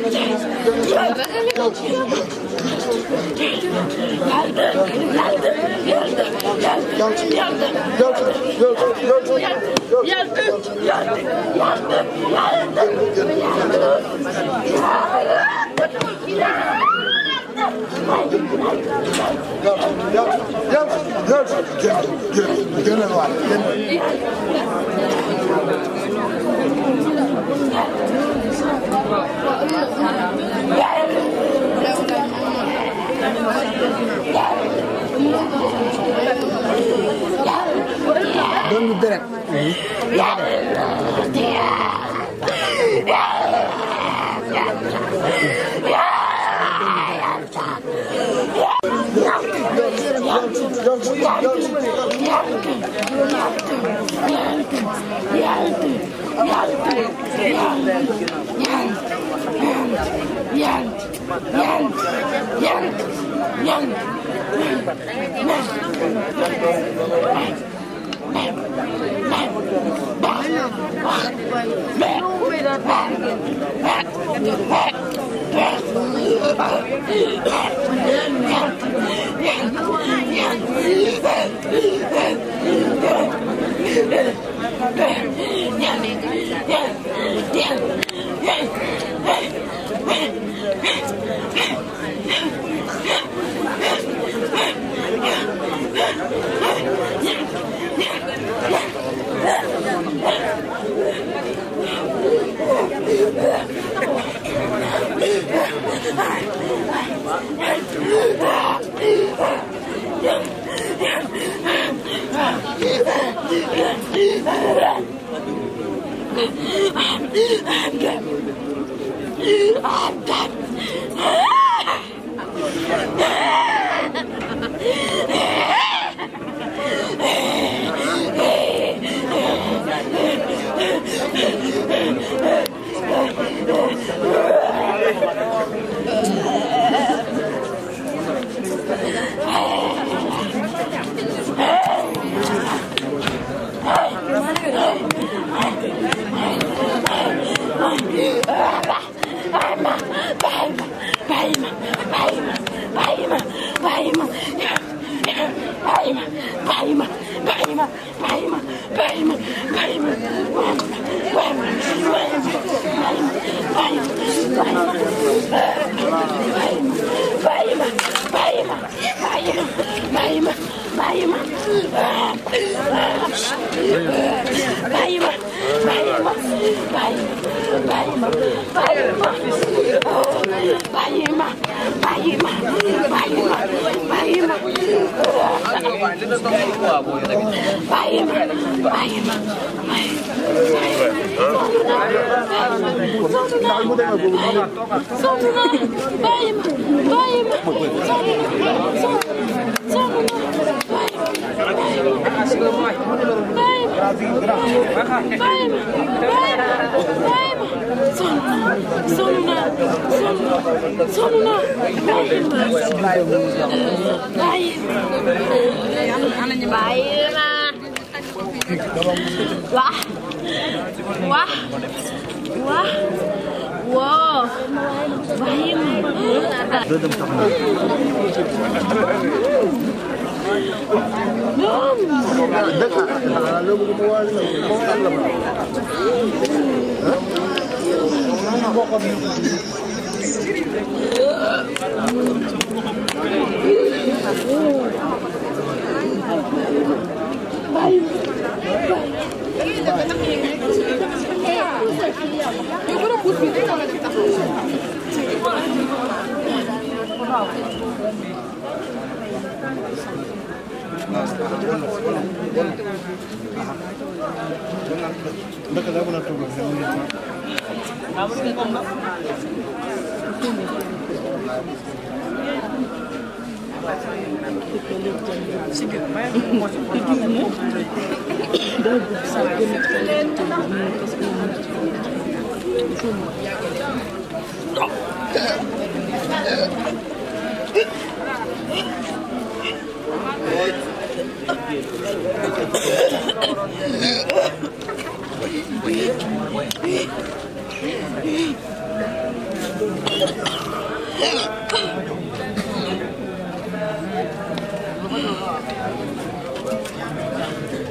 génn ci moom jëlal waat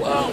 Ah.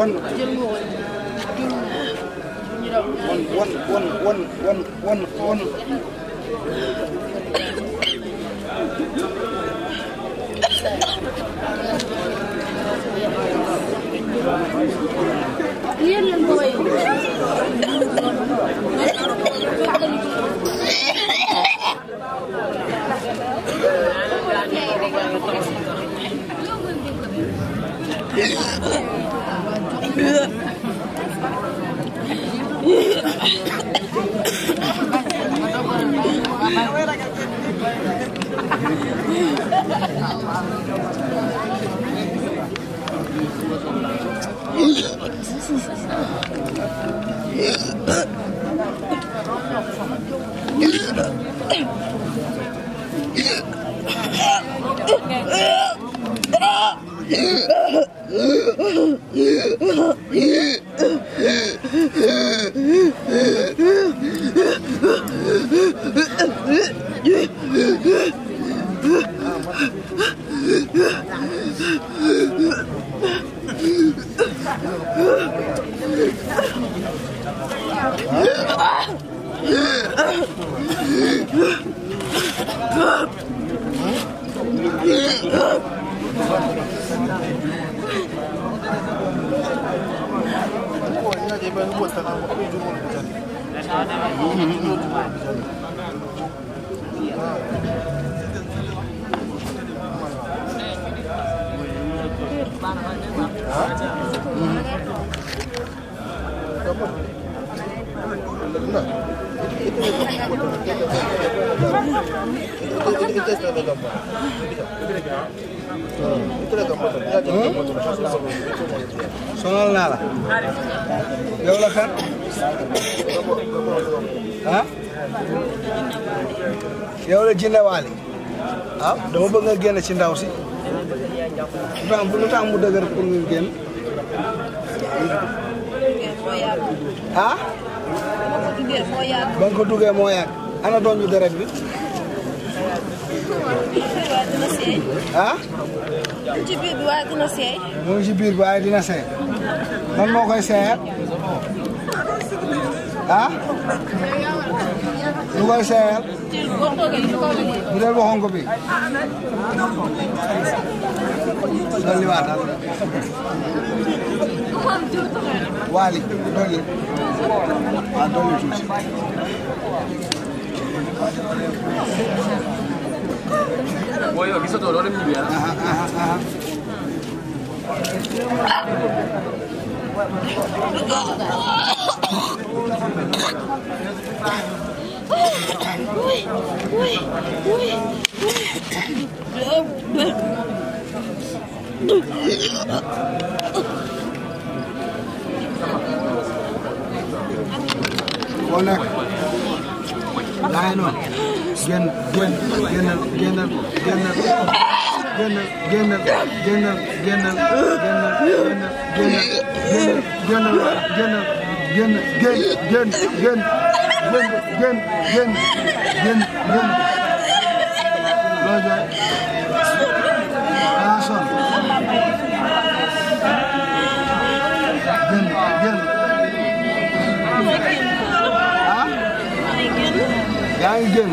one, one, one, one, one, one, one. nga génn ci ndaw si lu lu tax ah? ko duggee moo yàgg ana doom ju deret bi ah ci biir waaye dina seey man moo koy seeyal ah lu koy seeyal budee waxoon ko bi dolli waatal waali dolli waaw dolli tuuti mooy yow gisatoo loolu dem ñibbi yàlla Uy, uy, uy, Boo nekk laay noon génn génn génnal génnal génnal génnal génnal génnal génnal génnal génnal génnal génnal génn génn génn génn génn génn génn génn loo jooy xanaa sonn génn génn ah yaa ngi génn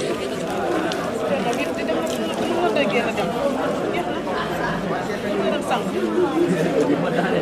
a génn dem dem sang ma daane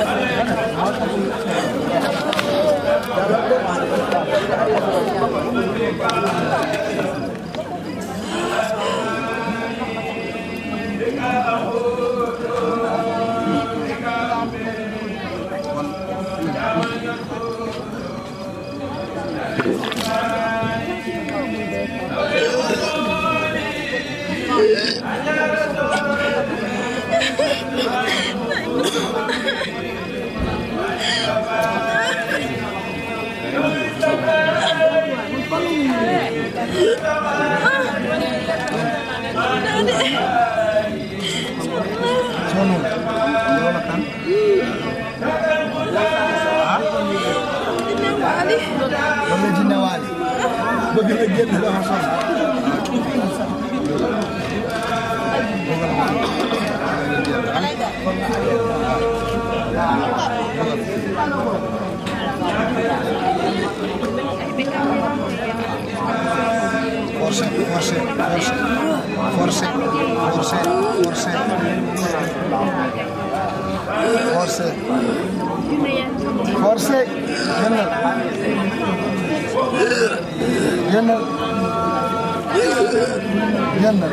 Yeah. Sono. Makan. Ah. Kamu jin nawali. Bagi lagi dulu Hasan. Thank you. forcé forcé forcé forcé forcé forcé forcé génnal génnal génnal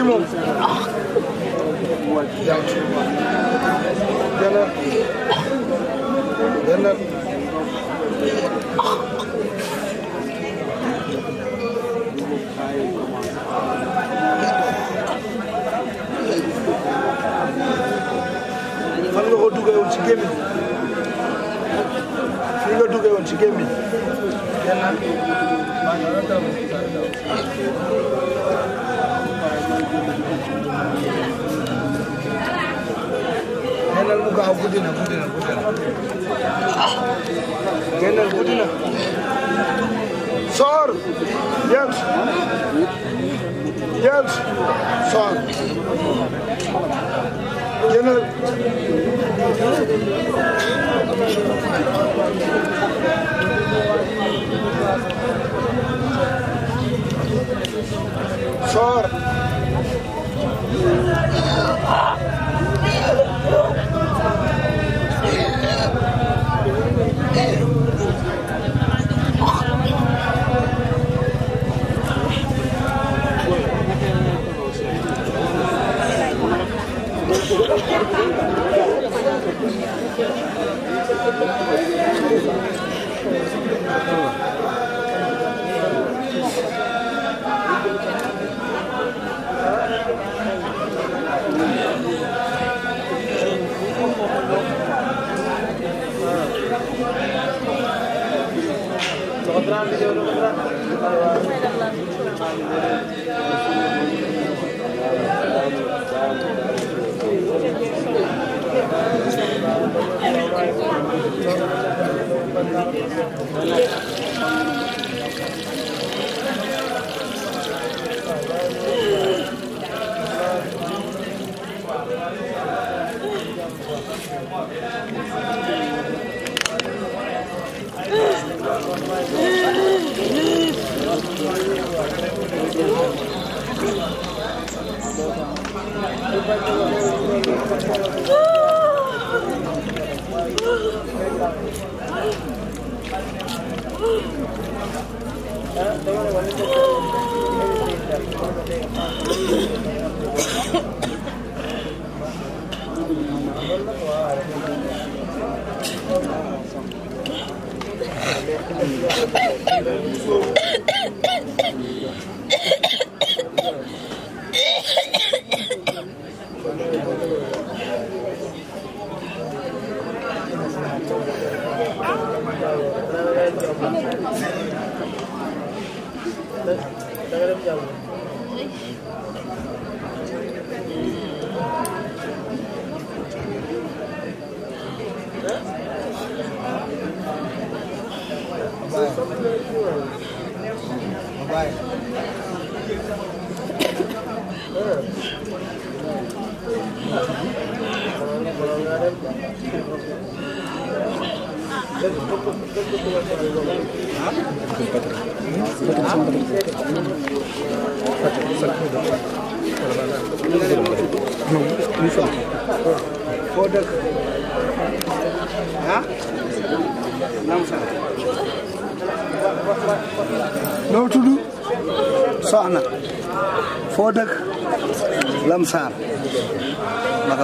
ci moom guddi na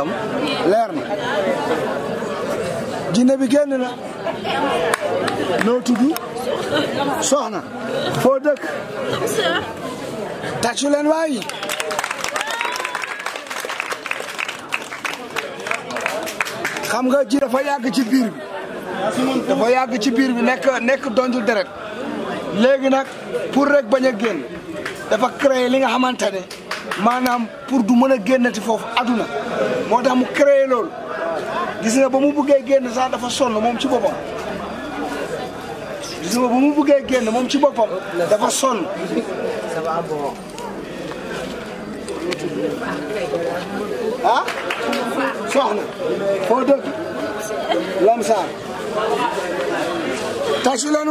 magam leer na jinne bi génn na noo tudd soxna foo dëkk tàccu leen waay xam nga ji dafa yàgg ci biir bi dafa yàgg ci biir bi nekk nekk donju deret léegi nag pour rek bañ a génn dafa créer li nga xamante maanaam pour du mën a génnati foofu aduna moo tax mu créé loolu gis nga ba mu buggee génn sax dafa sonn moom ci boppam gis nga ba mu buggee génn moom ci boppam dafa sonn ah soxna foo dëkk Lamsar taxi leen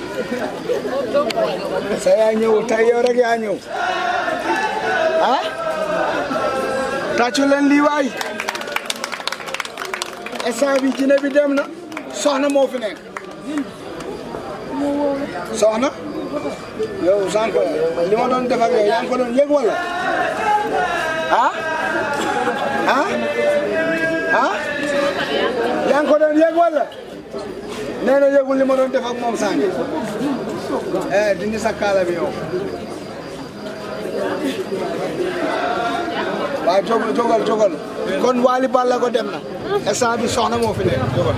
sa yaa ñëwul tey yow rek yaa ñëw a ah? tàccu leen lii waay bi jinne bi dem na soxna moo fi nekk soxna yow sànq li ma doon def ak yow ko doon yëg wala ah ah ah yaa ko doon yëg wala nee na yëgul li ma doon def ak moom sànq eh dindi sa kaala bi yow waaye jógal jógal jógal kon Wally Ballago dem na instant bi soxna moo fi nekk jógal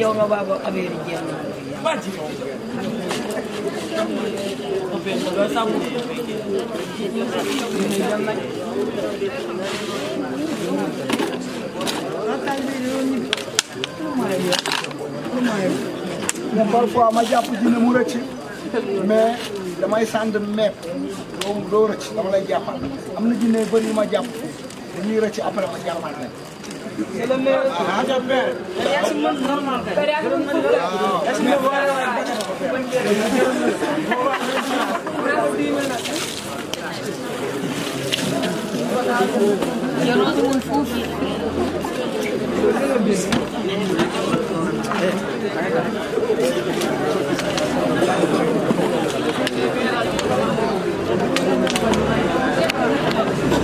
yow nga baago affaire yi jéem jàpp ci ne mu rëcc mais damay sànd meep doo rëcc dama lay am na jinne bëri ma jàpp ñuy rëcc après wax yàlla maa c'est le meilleur. ah jàpp nga. réaction man normal kay. réaction man normal kay. est-ce que boo war a waay. Yoroon woon foofu. Thank you.